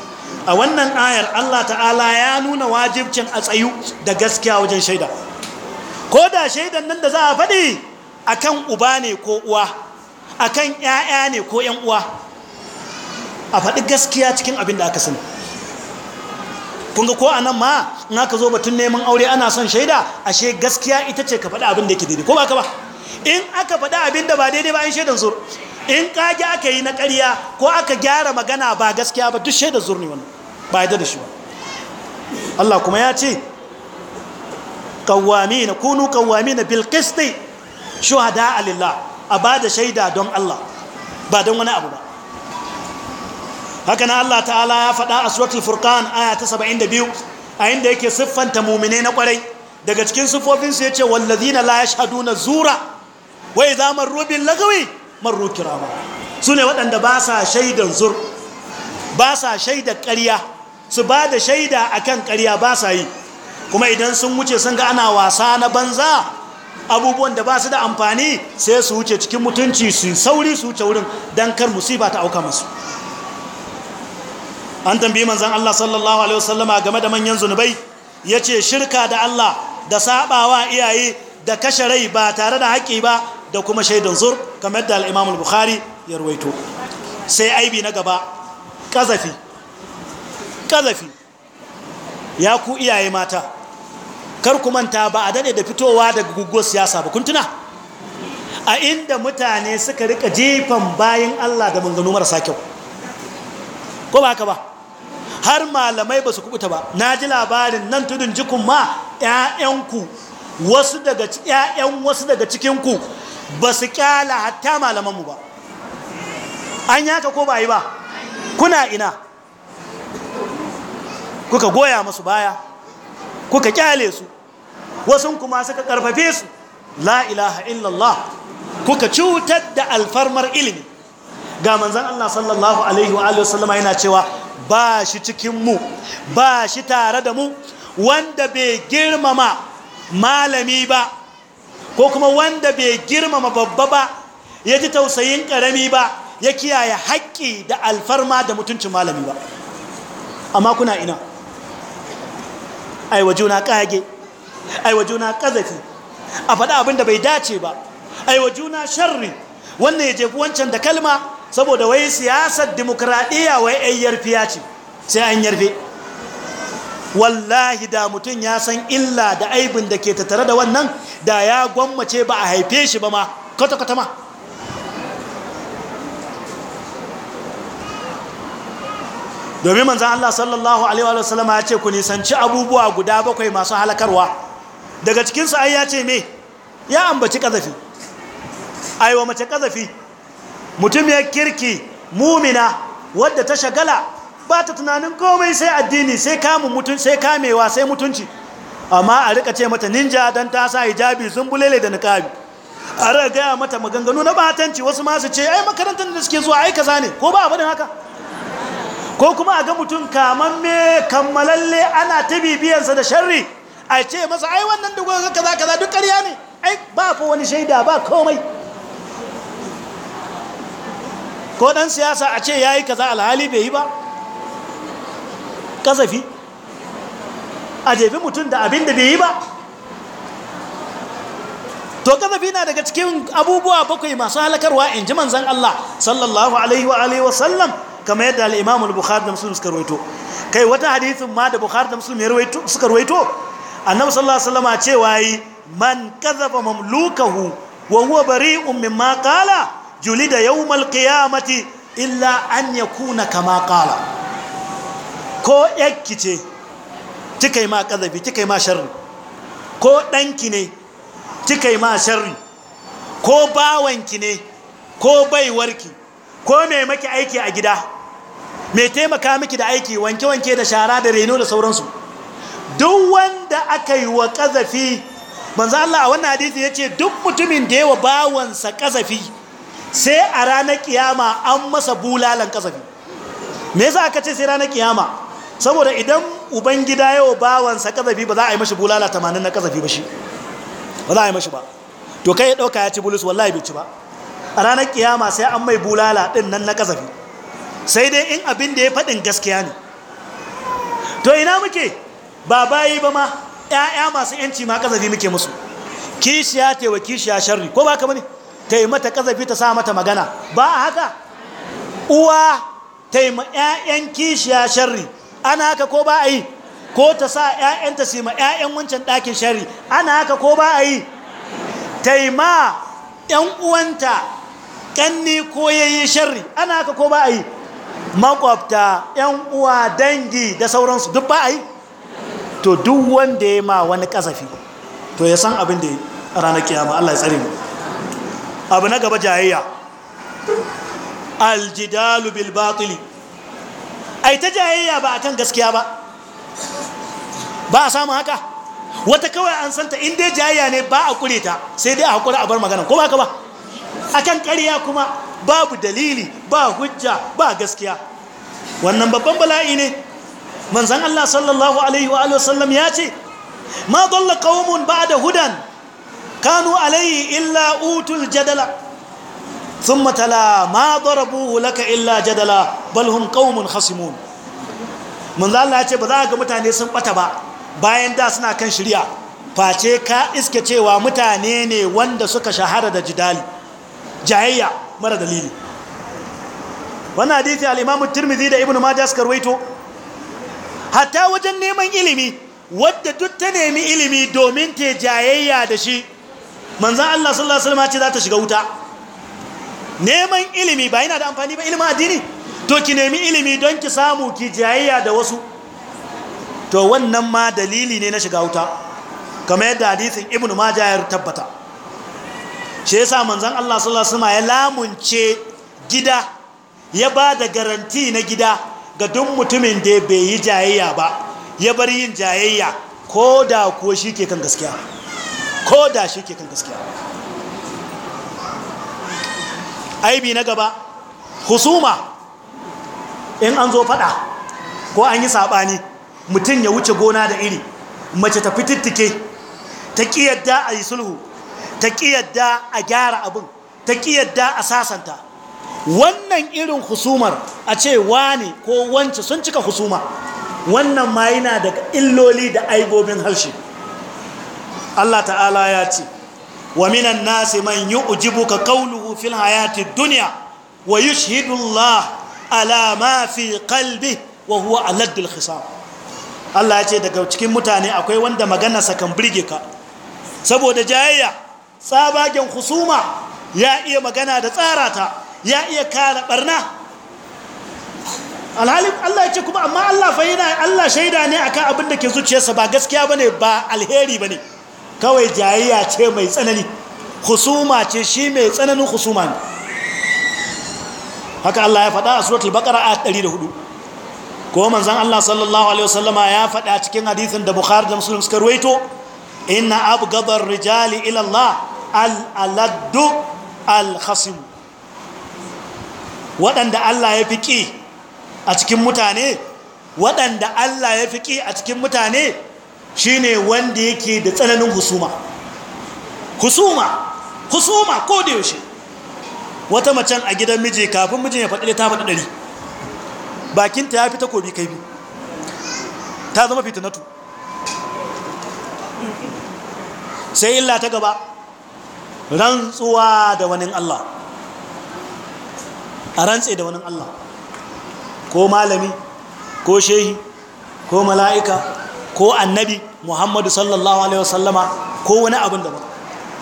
a wannan ayar Allah ta'ala ya nuna wajibcin a tsayu da gaskiya wajen shaida ko da shaidan nan da za a faɗi a kan uba ne ko uwa A kan ƴaƴa ne ko ƴan uwa a faɗi gaskiya cikin abin da aka sani kun ga ko a nan ma in aka zo batun neman aure ana son shaida ashe gaskiya ita ce ka faɗi abin da yake daidai ko ba ka ba in aka faɗi abin da ba daidai ba an shaidan zur in kage aka yi na ƙarya ko aka gyara magana ba gaskiya ba duk shaidan zur ne wannan ba da shi ba Allah kuma ya ce kawwami na kunu kawwami na bilkisti shuhada alillah a bada shaida don Allah ba don wani abu ba haka na Allah ta'ala ya faɗa a suratul furqan aya ta 72 a inda yake siffanta mumine na kwarai daga cikin siffofinsu ya ce wallazina la yashhaduna zura wa idza marru bil lagawi marru kirama su ne waɗanda ba sa shaidan zur ba sa shaidar ƙarya su ba da shaida akan ƙarya ba sa yi kuma idan sun wuce sun ga ana wasa na banza abubuwan da ba su da amfani sai su wuce cikin mutunci su sauri su wuce wurin don kar musiba ta auka masu an tambayi manzan Allah sallallahu alaihi wasallama game da manyan zunubai ya ce shirka da Allah da sabawa iyaye da kashe rai ba tare da haƙƙi ba da kuma shaidan zur kamar da al'imamul bukhari ya ruwaito sai aibi na gaba ƙazafi ƙazafi ya ku iyaye mata kar ku manta ba a daɗe da fitowa daga guguwar siyasa ba kun tuna a inda mutane suka rika jifan bayan Allah da manganu marasa kyau ko ba haka ba har malamai ba su kubuta ba na ji labarin nan tudun jikun ma 'ya'yanku wasu daga 'ya'yan wasu daga cikinku ba su kyala hatta malamanmu ba an yaka ko ba yi ba kuna ina kuka goya masu baya kuka kyale su wasu kuma suka karfafe su la ilaha illallah kuka cutar da alfarmar ilimi ga manzan Allah sallallahu alaihi wa alihi wasallama yana cewa ba shi cikin mu ba shi tare da mu wanda bai girmama malami ba ko kuma wanda bai girmama babba ba ya ji tausayin karami ba ya kiyaye haƙƙi da alfarma da mutuncin malami ba amma kuna ina ai juna kage aiwa juna kazafi a faɗa abin da bai dace ba aiwa juna sharri wannan ya jefi wancan da kalma saboda wai siyasar demokradiyya wai yarfi ya ce sai an yarfe wallahi da mutum ya san illa da aibin da ke tattare da wannan da ya gwammace ba a haife shi ba ma kwata-kwata ma domin manzan Allah sallallahu alaihi wa ya ce ku nisanci abubuwa guda bakwai masu halakarwa daga cikinsu ai ya ce me ya ambaci kazafi aiwa mace kazafi mutum ya kirki mumina wadda ta shagala ba ta tunanin komai sai addini sai kamun kamewa sai mutunci amma a rika ce mata ninja don ta sa hijabi sun bulele da nikabi a rika gaya mata maganganu na batanci wasu masu ce ai makarantar da suke zuwa aika zane ko ba a abin haka ko kuma a ga mutum kamamme kammalalle ana ta bibiyansa da sharri a ce masa ai wannan da gwagwa kaza kaza duk ƙarya ne ai ba fa wani shaida ba komai ko ɗan siyasa a ce ya yi kaza alhali bai yi ba ƙazafi a jefi mutum da abin da bai yi ba to ƙazafi na daga cikin abubuwa bakwai masu halakarwa in ji manzan Allah sallallahu alaihi wa sallam kamar yadda al'imamu imam al da Muslim suka rawaito kai wata hadithin ma da Bukhari da Muslim ya rawaito suka rawaito Annabi sallallahu alaihi wasallam cewa yi man kadhaba mamlukahu wa huwa bari'un mimma qala julida yawmal qiyamati illa an yakuna kama qala ko yakki ce kika ma kazafi kika yi ma sharri ko danki ne kika yi ma sharri ko bawanki ne ko baiwarki ko mai maki aiki a gida mai taimaka miki da aiki wanke-wanke da shara da reno da sauransu duk wanda aka yi wa ƙazafi manzo Allah a wannan hadisi ya ce duk mutumin da yawa bawansa kazafi, sai a ranar kiyama an masa bulalan ƙazafi me za ka ce sai ranar kiyama saboda idan ubangida yawa bawansa ƙazafi ba za a yi mashi bulala tamanin na ƙazafi ba shi ba za a yi mashi ba to kai ya ɗauka ya ci bulus wallahi bai ci ba a ranar kiyama sai an mai bulala ɗin nan na ƙazafi sai dai in abin da ya faɗin gaskiya ne to ina muke ba bayi ba ma ‘ya'ya masu ‘yanci ma ƙazafi muke musu kishiya tewa kishiya sharri ko ba ka mani ta yi mata ƙazafi ta sa mata magana ba a haka uwa ta yi kishiya sharri ana haka ko ba a yi ko ta sa ‘ya’yan ta sima ‘ya'yan wancan ɗakin sharri ana haka ko ba a yi taima yi ‘yan uwanta ƙanni ko yayi sharri ana haka ko ba a yi makwabta yan uwa dangi da sauransu duk ba a yi to duk wanda ya ma wani kasafi to ya san abin da ranar kiyama Allah ya tsare mu abu na gaba jayayya aljidalu bil A ai ta jayayya ba akan gaskiya ba ba a samu haka wata kawai an santa in dai jayayya ne ba a kure ta sai dai a hakura a bar magana ko ba haka ba akan ƙarya kuma babu dalili ba hujja ba gaskiya wannan babban bala'i ne manzan Allah sallallahu alaihi wa sallam ya ce ma dalla qaumun ba'da hudan kanu alaihi illa utul jadala thumma tala ma darabuhu laka illa jadala bal hum qaumun khasimun manzan Allah ya ce ba za ga mutane sun bata ba bayan da suna kan shirya face ka iske cewa mutane ne wanda suka shahara da jidali jayayya mara dalili wannan hadithi al-imamu tirmidhi da ibnu majah suka ruwaito hatta wajen neman ilimi wadda duk ta nemi ilimi domin ta jayayya da shi manzon Allah sallallahu alaihi wasallam ce za ta shiga wuta neman ilimi ba yana da amfani ba ilimin addini to ki nemi ilimi don ki samu ki jayayya da wasu to wannan ma dalili ne na shiga wuta kamar yadda hadisin ibnu majah ya tabbata shi sa manzon Allah sallallahu ya lamunce gida ya ba da garanti na gida ga duk mutumin da bai yi jayayya ba ya bar yin jayayya ko da kuwa shi ke kan gaskiya ko da shi ke kan gaskiya aibi na gaba husuma in an zo fada ko an yi sabani mutum ya wuce gona da iri mace ta fitittike ta ƙi yadda a yi sulhu ta ƙi yadda a gyara abin ta ƙi yadda a sasanta wannan irin husumar a ce ne ko wance sun cika husuma wannan ma yana daga illoli da aibobin harshe Allah ta'ala ya ce wa minan nasi man yu'jibuka qawluhu fil hayati dunya wa yushhidu Allah ala ma fi qalbi wa huwa khisam Allah ya ce daga cikin mutane akwai wanda maganarsa kan burge ka saboda jayayya tsabagen husuma ya iya magana da tsarata ya iya kare barna alhalin Allah ya ce kuma amma Allah fa yana Allah shaida ne akan abin da ke zuciyarsa ba gaskiya bane ba alheri bane kawai jayayya ce mai tsanani husuma ce shi mai tsananin husuma ne haka Allah ya faɗa a suratul baqara da 104 ko manzon Allah sallallahu alaihi wasallama ya faɗa cikin hadisin da Bukhari da Muslim suka ruwaito inna abghadar rijali ila Allah al'aladdu al waɗanda Allah ya fi ƙi a cikin mutane waɗanda Allah ya fi ƙi a cikin mutane shine wanda yake da tsananin husuma husuma husuma ko da yaushe wata macen a gidan miji kafin mijin ya faɗi ta faɗi ɗari bakinta ya fi takobi kai bi ta zama fitinatu sai illa ta gaba rantsuwa da wani Allah a rantse da wani Allah ko malami ko shehi ko mala'ika ko annabi muhammadu sallallahu alaihi wasallama ko wani abin da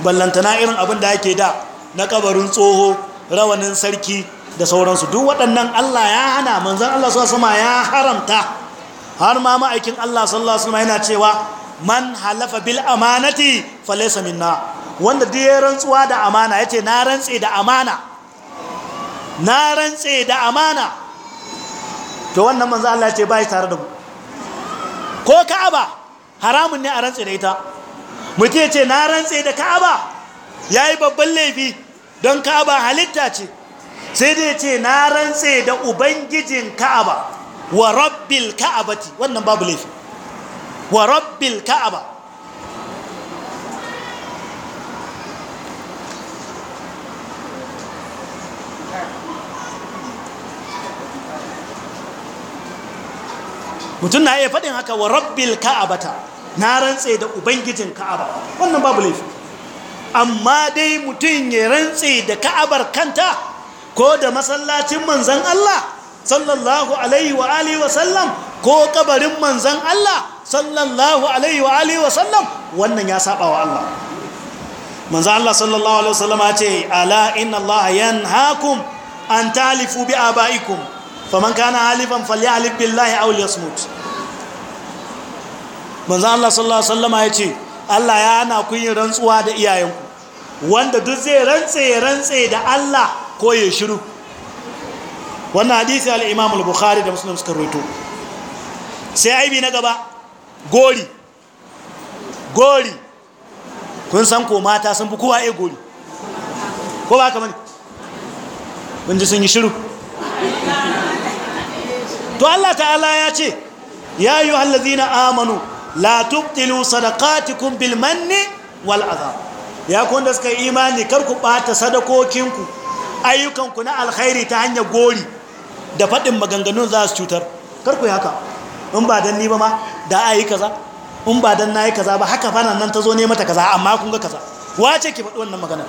ballantana irin abin da yake da na kabarin tsoho rawanin sarki da sauransu duk waɗannan Allah ya hana manzan Allah su Suma ya haramta har ma ma'aikin Allah sallallahu alaihi wasallama yana cewa man halafa bil amanati falaysa minna wanda duk ya rantsuwa da amana yace na rantsi da amana na rantsi da amana to wannan manzo Allah yace bai tare da mu ko Ka'aba haramun ne a rantse da ita mutum yace na rantsi da Ka'aba yayi babban laifi don Ka'aba halitta ce sai dai yace na rantsi da ubangijin Ka'aba wa rabbil Ka'abati wannan babu laifi wa rabbil ka'aba mutum na iya faɗin haka wa rabbil ka'abata na rantse da ubangijin ka'aba wannan babu amma dai mutum ya rantse da ka'abar kanta ko da masallacin manzan Allah sallallahu alaihi wa alihi wa sallam ko kabarin manzan Allah sallallahu alaihi wa alihi wa sallam wannan ya saba wa Allah manzo Allah sallallahu alaihi wa sallama ya ce ala inna Allah yanhaakum an talifu bi abaikum faman kana halifan falyahlif billahi aw liyasmut manzo Allah sallallahu alaihi wa sallama yace. Allah ya hana ku yin rantsuwa da iyayenku wanda duk zai rantse rantse da Allah ko ya shiru wannan hadisi al-Imam al-Bukhari da Muslim suka rawaito sai aibi na gaba gori gori kun san ko mata sun fi kowa ya gori ko ba ka mani kun ji sun yi shiru to Allah ta'ala ya ce ya yi hallazina amanu la sadakati sadaqatikum bil manni wal azab ya kun da suka imani kar ku bata sadakokinku ayyukanku na alkhairi ta hanyar gori da faɗin maganganun za su cutar kar ku yi haka in ba don ni ba ma da a yi kaza in ba dan na yi kaza ba haka fana nan ta zo ne mata kaza amma kun ga kaza wace ki faɗi wannan magana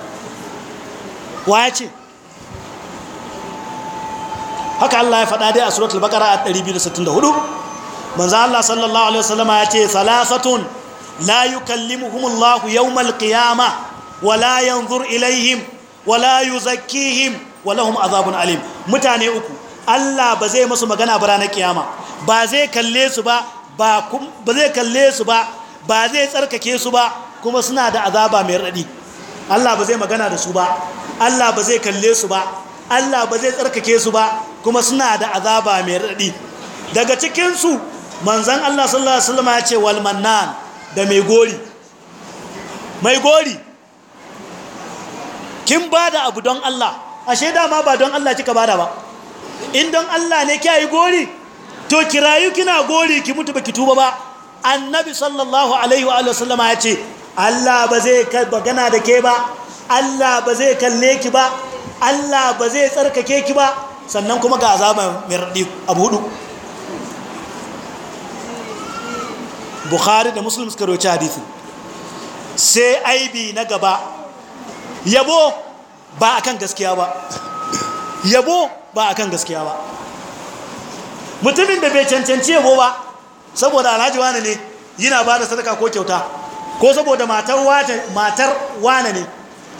wace haka Allah ya faɗa dai a suratul baqara a 264 manzo Allah sallallahu alaihi wasallama ya ce salasatun la yukallimuhumullahu yawmal qiyamah wala yanzur ilaihim wala yuzakkihim walahum azabun alim mutane uku Allah ba zai masu magana ba ranar kiyama ba zai kalle su ba ba zai kalle su ba ba zai tsarkake su ba kuma suna da azaba mai raɗi Allah ba zai magana da su ba Allah ba zai kalle su ba Allah ba zai tsarkake su ba kuma suna da azaba mai raɗi daga cikinsu manzan Allah sallallahu Alaihi wasallam ya ce walmannan da mai gori mai gori kin ba da abu don Allah ashe dama ba don Allah kika bada ba in don Allah ne kya yi gori to kirayu kina gori ki mutu baki tuba ba annabi sallallahu alaihi wa sallama ya ce Allah ba zai gana da ke ba Allah ba zai kalle ki ba Allah ba zai tsarkake ki ba sannan kuma ga azaban mirdi abu hudu Bukhari da Muslim suka roci hadisi sai aibi na gaba yabo ba akan gaskiya ba yabo ba akan gaskiya ba mutumin da bai cancanci yabo ba saboda alhaji wane ne yana ba da sadaka ko kyauta ko saboda matar wane ne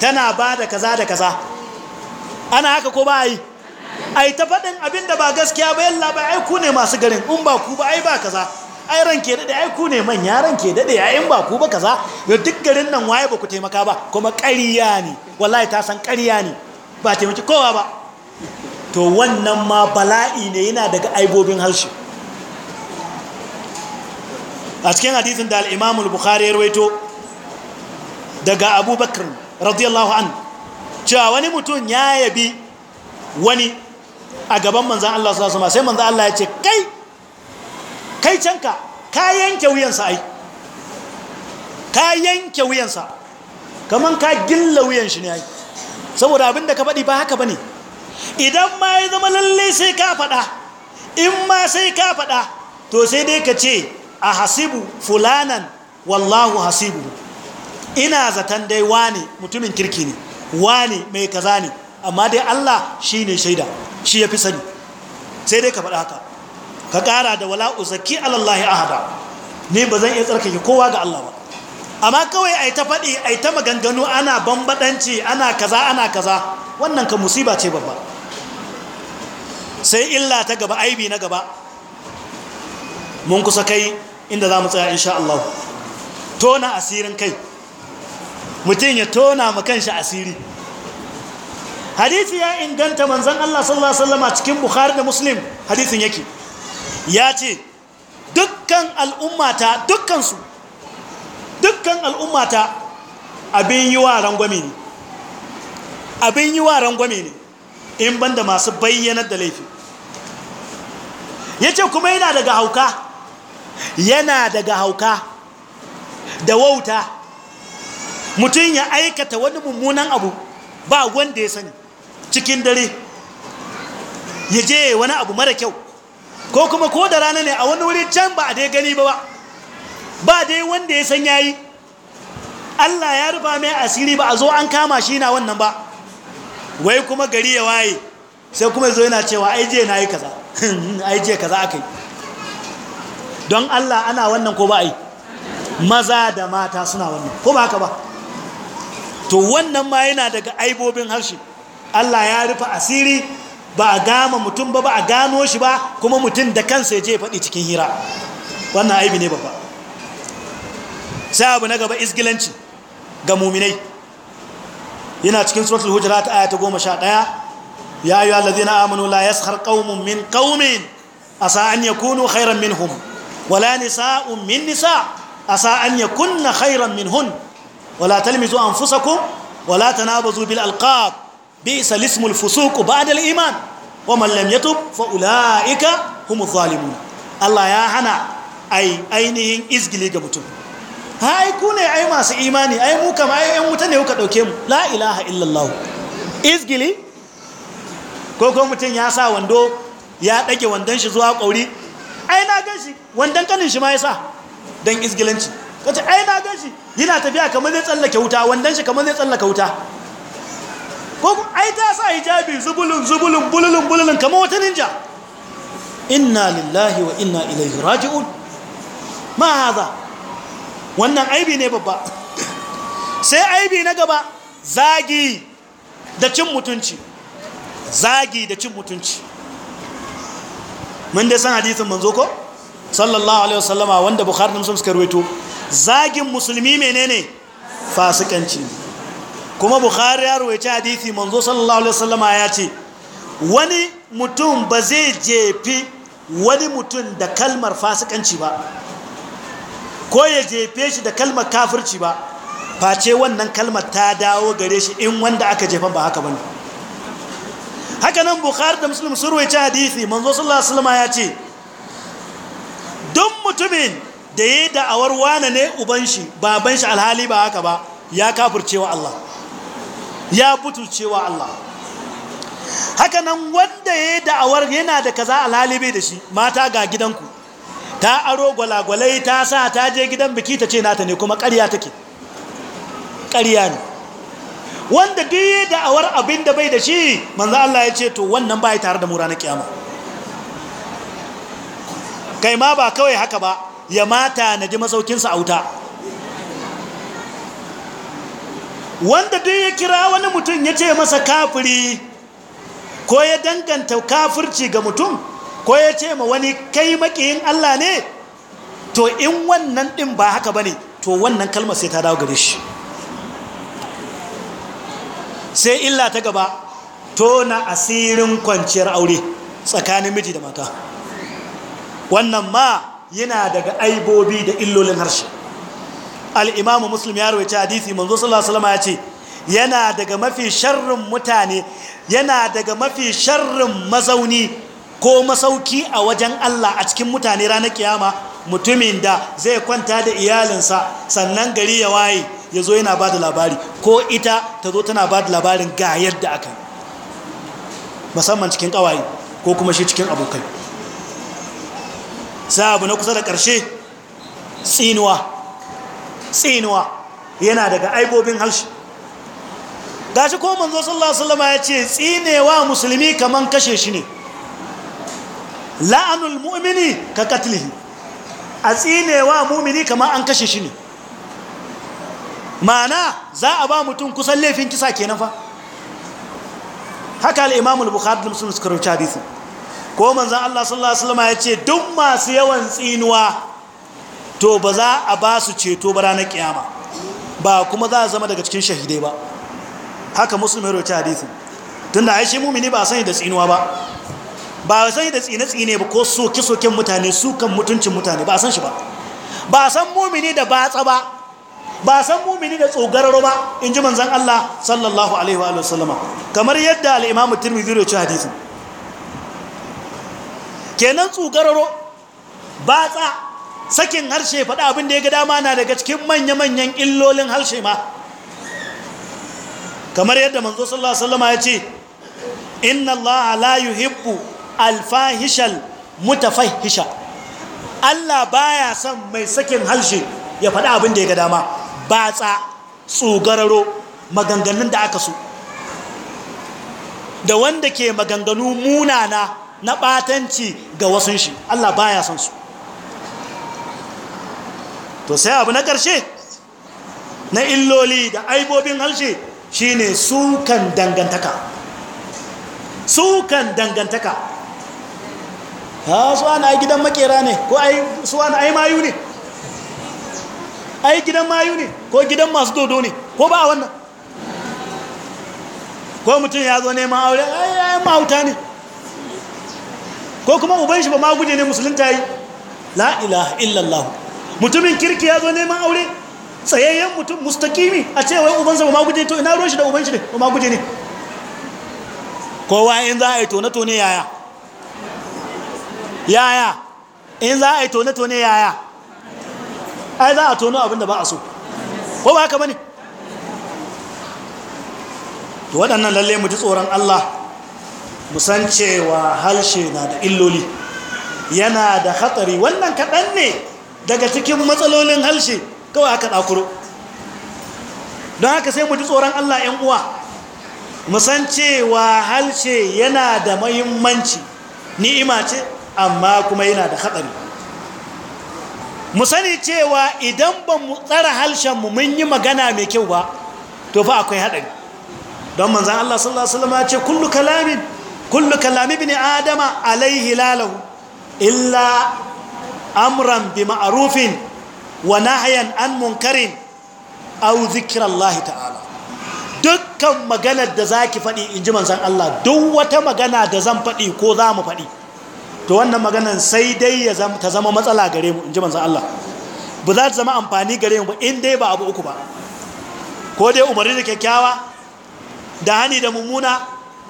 tana ba da kaza da kaza ana haka ko ba a yi a yi ta faɗin abinda ba gaskiya ba yalla ba ai ku ne masu garin in ba ku ba ai ba kaza ai ranke daɗe ai ku ne manya ranke daɗe ya in ba ku ba kaza ga duk garin nan waye ba ku taimaka ba kuma ƙarya ne wallahi ta san ƙarya ne ba taimaki kowa ba to wannan ma bala'i ne yana daga aibobin harshe a cikin hadisin da al'imamul bukhari ya rawaito daga abubakar radiyallahu an cewa wani mutum ya yabi wani a gaban manzan Allah su zama sai manzan Allah ya ce kai kai canka ka yanke wuyansa ai ka yanke wuyansa kamar ka gilla wuyan shi ne ai saboda abinda ka faɗi ba haka ba ne idan ma ya zama lalle sai ka faɗa in ma sai ka faɗa to sai dai ka ce a hasibu fulanan wallahu hasibu ina zaton dai wane mutumin kirki ne wane mai kaza ne amma dai Allah shi ne shaida shi ya fi sani sai dai ka faɗa haka ka ƙara da wala uzaki alallahi ahada ni ba zan iya tsarkake kowa ga Allah ba amma kawai ai ta faɗi ai ta maganganu ana bambaɗanci ana kaza ana kaza wannan ka musiba ce babba sai illa ta gaba aibi na gaba mun kusa kai inda za mu tsaya insha Allah tona asirin kai mutum ya tona ma kanshi asiri hadisi ya inganta manzan Allah sallallahu Alaihi wasallama cikin Bukhari da Muslim hadisin yake ya ce dukkan al'ummata dukkansu dukkan al'ummata abin yi wa rangwame ne abin yi wa rangwame ne in banda masu bayyanar da laifi ya ce kuma yana daga hauka yana daga hauka da wauta mutum ya aikata wani mummunan abu ba wanda ya sani cikin dare ya je wani abu mara kyau ko kuma ko da rana ne a wani wuri can ba a dai gani ba ba dai wanda ya san yayi Allah ya rufa mai asiri ba a zo an kama shi na wannan ba wai kuma gari ya waye sai kuma zo yana cewa ai je na yi kaza ai je kaza aka don Allah ana wannan ko ba ai maza da mata suna wannan ko ba haka ba to wannan ma yana daga aibobin harshe Allah ya rufe asiri ba a gama mutum ba ba a gano shi ba kuma mutum da kansa ya je faɗi cikin hira wannan aibi ne babba sai abu na gaba isgilanci ga muminai yana cikin suratul hujurat aya ta 11 ya ayu allazina amanu la yaskhar qaumun min qaumin asa an yakunu khairan minhum wala nisa'un min nisa' asa an yakunna khairan minhun wala talmizu anfusakum wala tanabazu bil alqab bi'sa ismul fusuq ba'da al iman wa man lam yatub fa ulaika humuz zalimun Allah ya hana ai ainihin izgili ga mutum hai ku ne ai masu imani ai mu kama ai yan wuta ne kuka ɗauke mu la ilaha illallah izgili ko ko mutum ya sa wando ya ɗage wandon shi zuwa kauri. ai na gan shi wandon kanin shi ma ya sa don izgilanci kace ai na gan shi yana tafiya kamar zai tsallake wuta wandon shi kamar zai tsallake wuta ko ai ta sa hijabi zubulun zubulun bululun bululun kamar wata ninja inna lillahi wa inna ilaihi raji'un ma hadha wannan aibi ne babba sai aibi na gaba zagi da cin mutunci zagi da cin mutunci mun dai san hadisin manzo ko sallallahu alaihi wasallama wanda bukhari da muslim suka rawaito zagin musulmi menene fasikanci kuma bukhari ya rawaice hadisi manzo sallallahu alaihi wasallama ya ce wani mutum ba zai jefi wani mutum da kalmar fasikanci ba ko ya jefe shi da kalmar kafirci ba face wannan kalmar ta dawo gare shi in wanda aka jefan ba haka bane haka nan bukhari da muslim sun ruwaita hadisi manzo sallallahu alaihi wasallam ya ce duk mutumin da ya da'awar wana ne uban shi baban shi alhali ba haka ba ya kafircewa Allah ya butulcewa Allah haka nan wanda ya da'awar yana da kaza alhali bai da shi mata ga gidanku ta aro gwalagwalai ta sa ta je gidan biki ta ce nata ne kuma ƙarya take ƙarya ne wanda duk awar abin da bai da shi manzo Allah ya ce to wannan bai tare da mu ranar kiyama kai ma ba kawai haka ba ya mata na ji masaukinsa a wuta wanda duk ya kira wani mutum ya ce masa kafiri ko ya danganta kafirci ga mutum ko ya ce ma wani kai makiyin Allah ne to in wannan din ba haka bane to wannan kalmar sai ta dawo gare shi sai illa ta gaba tona asirin kwanciyar aure tsakanin miji da mata wannan ma yana daga aibobi da illolin harshe al'imamu muslim ya rawaita hadisi manzo sallallahu alaihi ya ce yana daga mafi sharrin mutane yana daga mafi sharrin mazauni ko masauki a wajen Allah a cikin mutane ranar kiyama mutumin da zai kwanta da iyalinsa sannan gari ya waye ya zo yana ba da labari ko ita ta zo tana ba da labarin ga yadda aka musamman cikin ƙawaye ko kuma shi cikin abokai sai abu na kusa da ƙarshe tsinuwa tsinuwa yana daga aibobin halshi gashi ko manzo sallallahu alaihi wasallam ya ce tsinewa musulmi kaman kashe shi ne la'anul mu'mini ka katlihi a tsinewa mu'mini kamar an kashe shi ne ma'ana za a ba mutum kusan laifin kisa kenan fa haka al'imamul bukhari da musulun suka rauci hadisi ko manzan Allah sallallahu Alaihi wasallama ya ce duk masu yawan tsinuwa to ba za a ba su ceto ba ranar kiyama ba kuma za a zama daga cikin shahidai ba haka musulun ya rauci hadisi tun da aishi mumini ba a sani da tsinuwa ba ba a san shi da tsine-tsine ba ko soke-soken mutane su kan mutuncin mutane ba a san shi ba ba a san mumini da batsa ba ba a san mumini da tsogararo ba in ji manzan Allah sallallahu alaihi wa sallama kamar yadda al'imamu turmi da ci hadisin kenan tsogararo batsa sakin harshe faɗa abin da ya ga dama na daga cikin manya-manyan illolin harshe ma kamar yadda manzo sallallahu alaihi sallama ya ce inna allaha la yuhibbu alfahishal mutafahisha Allah baya son mai sakin harshe ya faɗi abin da ya ga dama batsa tsugararo maganganun da aka so da wanda ke maganganu munana na batanci ga wasun shi Allah baya son su to sai abu na ƙarshe na illoli da aibobin harshe shine sukan dangantaka sukan dangantaka ha su ana ai gidan makera ne ko ai su ana ai mayu ne ai gidan mayu ne ko gidan masu dodo ne ko ba wannan ko mutum ya zo neman aure ai ai mahauta ne ko kuma uban shi ba ma guje ne musulunta yi la ilaha illallah mutumin kirki ya zo neman aure tsayayyen mutum mustaqimi a ce wai ubansa ba ma guje to ina ruwan shi da uban shi ne ba ma guje ne kowa in za a yi tone-tone yaya yaya in za a yi tone-tone yaya ai za a tono abinda ba a so ko ba haka ba ne to waɗannan lalle mu ji tsoron Allah san cewa halshe na da illoli yana da hatsari wannan kaɗan ne daga cikin matsalolin halshe kawai aka ɗakuro don haka sai mu ji tsoron Allah ‘yan uwa san cewa halshe yana da mahimmanci ni'ima ce amma kuma yana da hatsari mu sani cewa idan ba mu tsara mu mun yi magana mai kyau ba to fa akwai haɗari don manzan Allah sallallahu Alaihi wasallam ce kullu kalamin kullu kalami bin adama alaihi lalahu illa amran bi ma'arufin wa nahyan an munkarin aw zikrallahi ta'ala dukkan maganar da zaki faɗi in ji manzan Allah duk wata magana da zan faɗi ko za mu faɗi to wannan maganan sai dai ya ta zama matsala gare mu in ji manzan Allah ba za ta zama amfani gare mu ba in dai ba abu uku ba ko dai umarni da kyakkyawa da hani da mummuna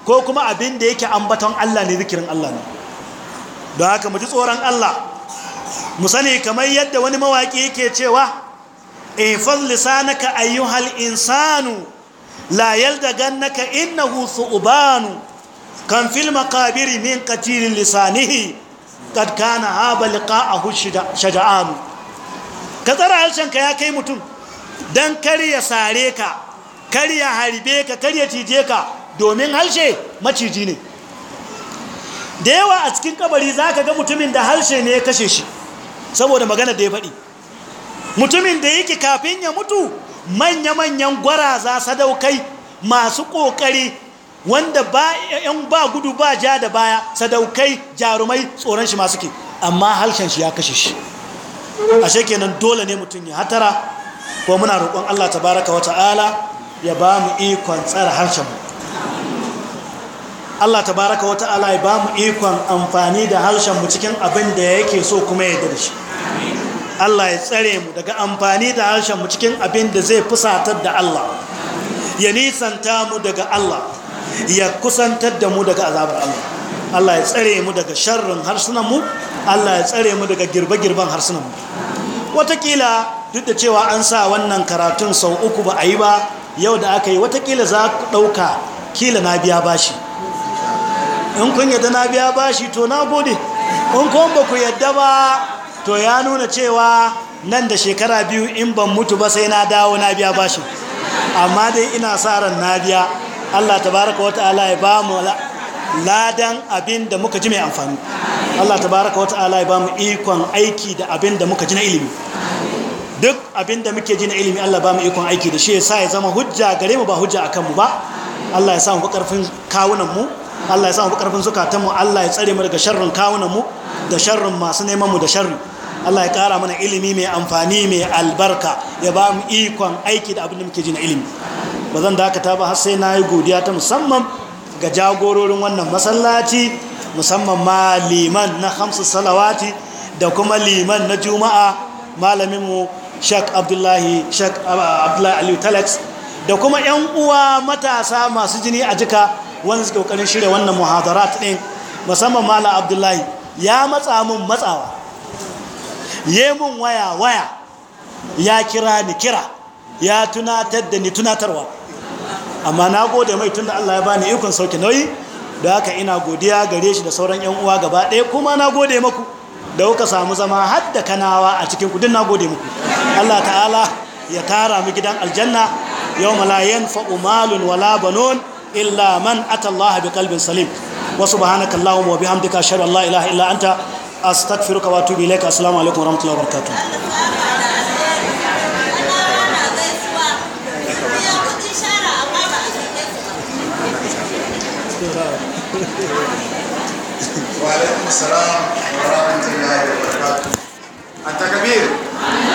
ko kuma abin da yake ambaton Allah ne zikirin Allah ne don haka mu tsoron Allah mu sani kamar yadda wani mawaƙi yake cewa ifan lisanaka ayyuhal insanu la yaldagannaka innahu ubanu. kan fil makabiri min katilin lisanihi kad kana haba liqa'ahu shaja'an ka tsara harshenka ya kai mutum dan karya sare ka karya harbe ka karya cije ka domin harshe maciji ne da yawa a cikin kabari ka ga mutumin da harshe ne ya kashe shi saboda magana da ya faɗi mutumin da yake kafin ya mutu manya-manyan gwara za sadaukai masu ƙoƙari wanda ba yan ba gudu ba ja da baya sadaukai jarumai tsoron shi masu ke amma harshen shi ya kashe shi ashe kenan dole ne mutum ya hatara ko muna roƙon Allah tabaraka wa ta'ala ya ba mu ikon tsara harshen mu Allah tabaraka wa ta'ala ya ba mu ikon amfani da harshen mu cikin abin da yake so kuma ya da shi Allah ya tsare mu daga amfani da harshen mu cikin abin da zai fusatar da Allah ya nisanta mu daga Allah ya kusantar da mu daga azabar Allah Allah ya tsare mu daga sharrin harsunan mu Allah ya tsare mu daga girbe-girben harsunan mu watakila duk da cewa an sa wannan karatun sau uku ba a yi ba yau da aka yi watakila za ku ɗauka kila na biya bashi in kun yadda na biya bashi to na gode in kun ba ku yadda ba to ya nuna cewa nan da shekara biyu in ban mutu ba sai na dawo na biya bashi amma dai ina sa ran na biya Allah tabaraka wa ta'ala ya ba mu ladan abin da muka ji mai amfani Allah tabaraka wa ta'ala ya ba mu ikon aiki da abin da muka ji na ilimi duk abin da muke ji na ilimi Allah ba mu ikon aiki da shi ya sa ya zama hujja gare mu ba hujja akan mu ba Allah ya sa mu karfin kawunan mu Allah ya sa mu karfin zukatan mu Allah ya tsare mu daga sharrin kawunan mu da sharrin masu neman mu da sharri Allah ya kara mana ilimi mai amfani mai albarka ya ba mu ikon aiki da abin da muke ji na ilimi ba zan dakata ba har sai na yi godiya ta musamman ga jagororin wannan masallaci musamman ma liman na hamsu salawati da kuma liman na juma'a malaminmu shak abdullahi shak uh, abdullahi aliyu talax da kuma 'yan uwa matasa masu jini a jika wanda suke kokarin shirya wannan muhadarat din musamman malam abdullahi ya matsa mun matsawa ye mun waya waya ya kira ni kira ya tunatar da ni tunatarwa amma na gode mai tun da Allah ya bani ikon sauke nauyi da haka ina godiya gare shi da sauran yan uwa gaba ɗaya kuma na gode maku da kuka samu zama har da kanawa a cikin ku na gode muku Allah ta'ala ya tara mu gidan aljanna yawma la yanfa'u malun wala banun illa man bi qalbin salim wa subhanaka allahumma wa bihamdika ashhadu an la ilaha illa anta astaghfiruka wa atubu ilaika assalamu alaikum wa rahmatullahi wa barakatuh وعليكم السلام ورحمة الله وبركاته أنت كبير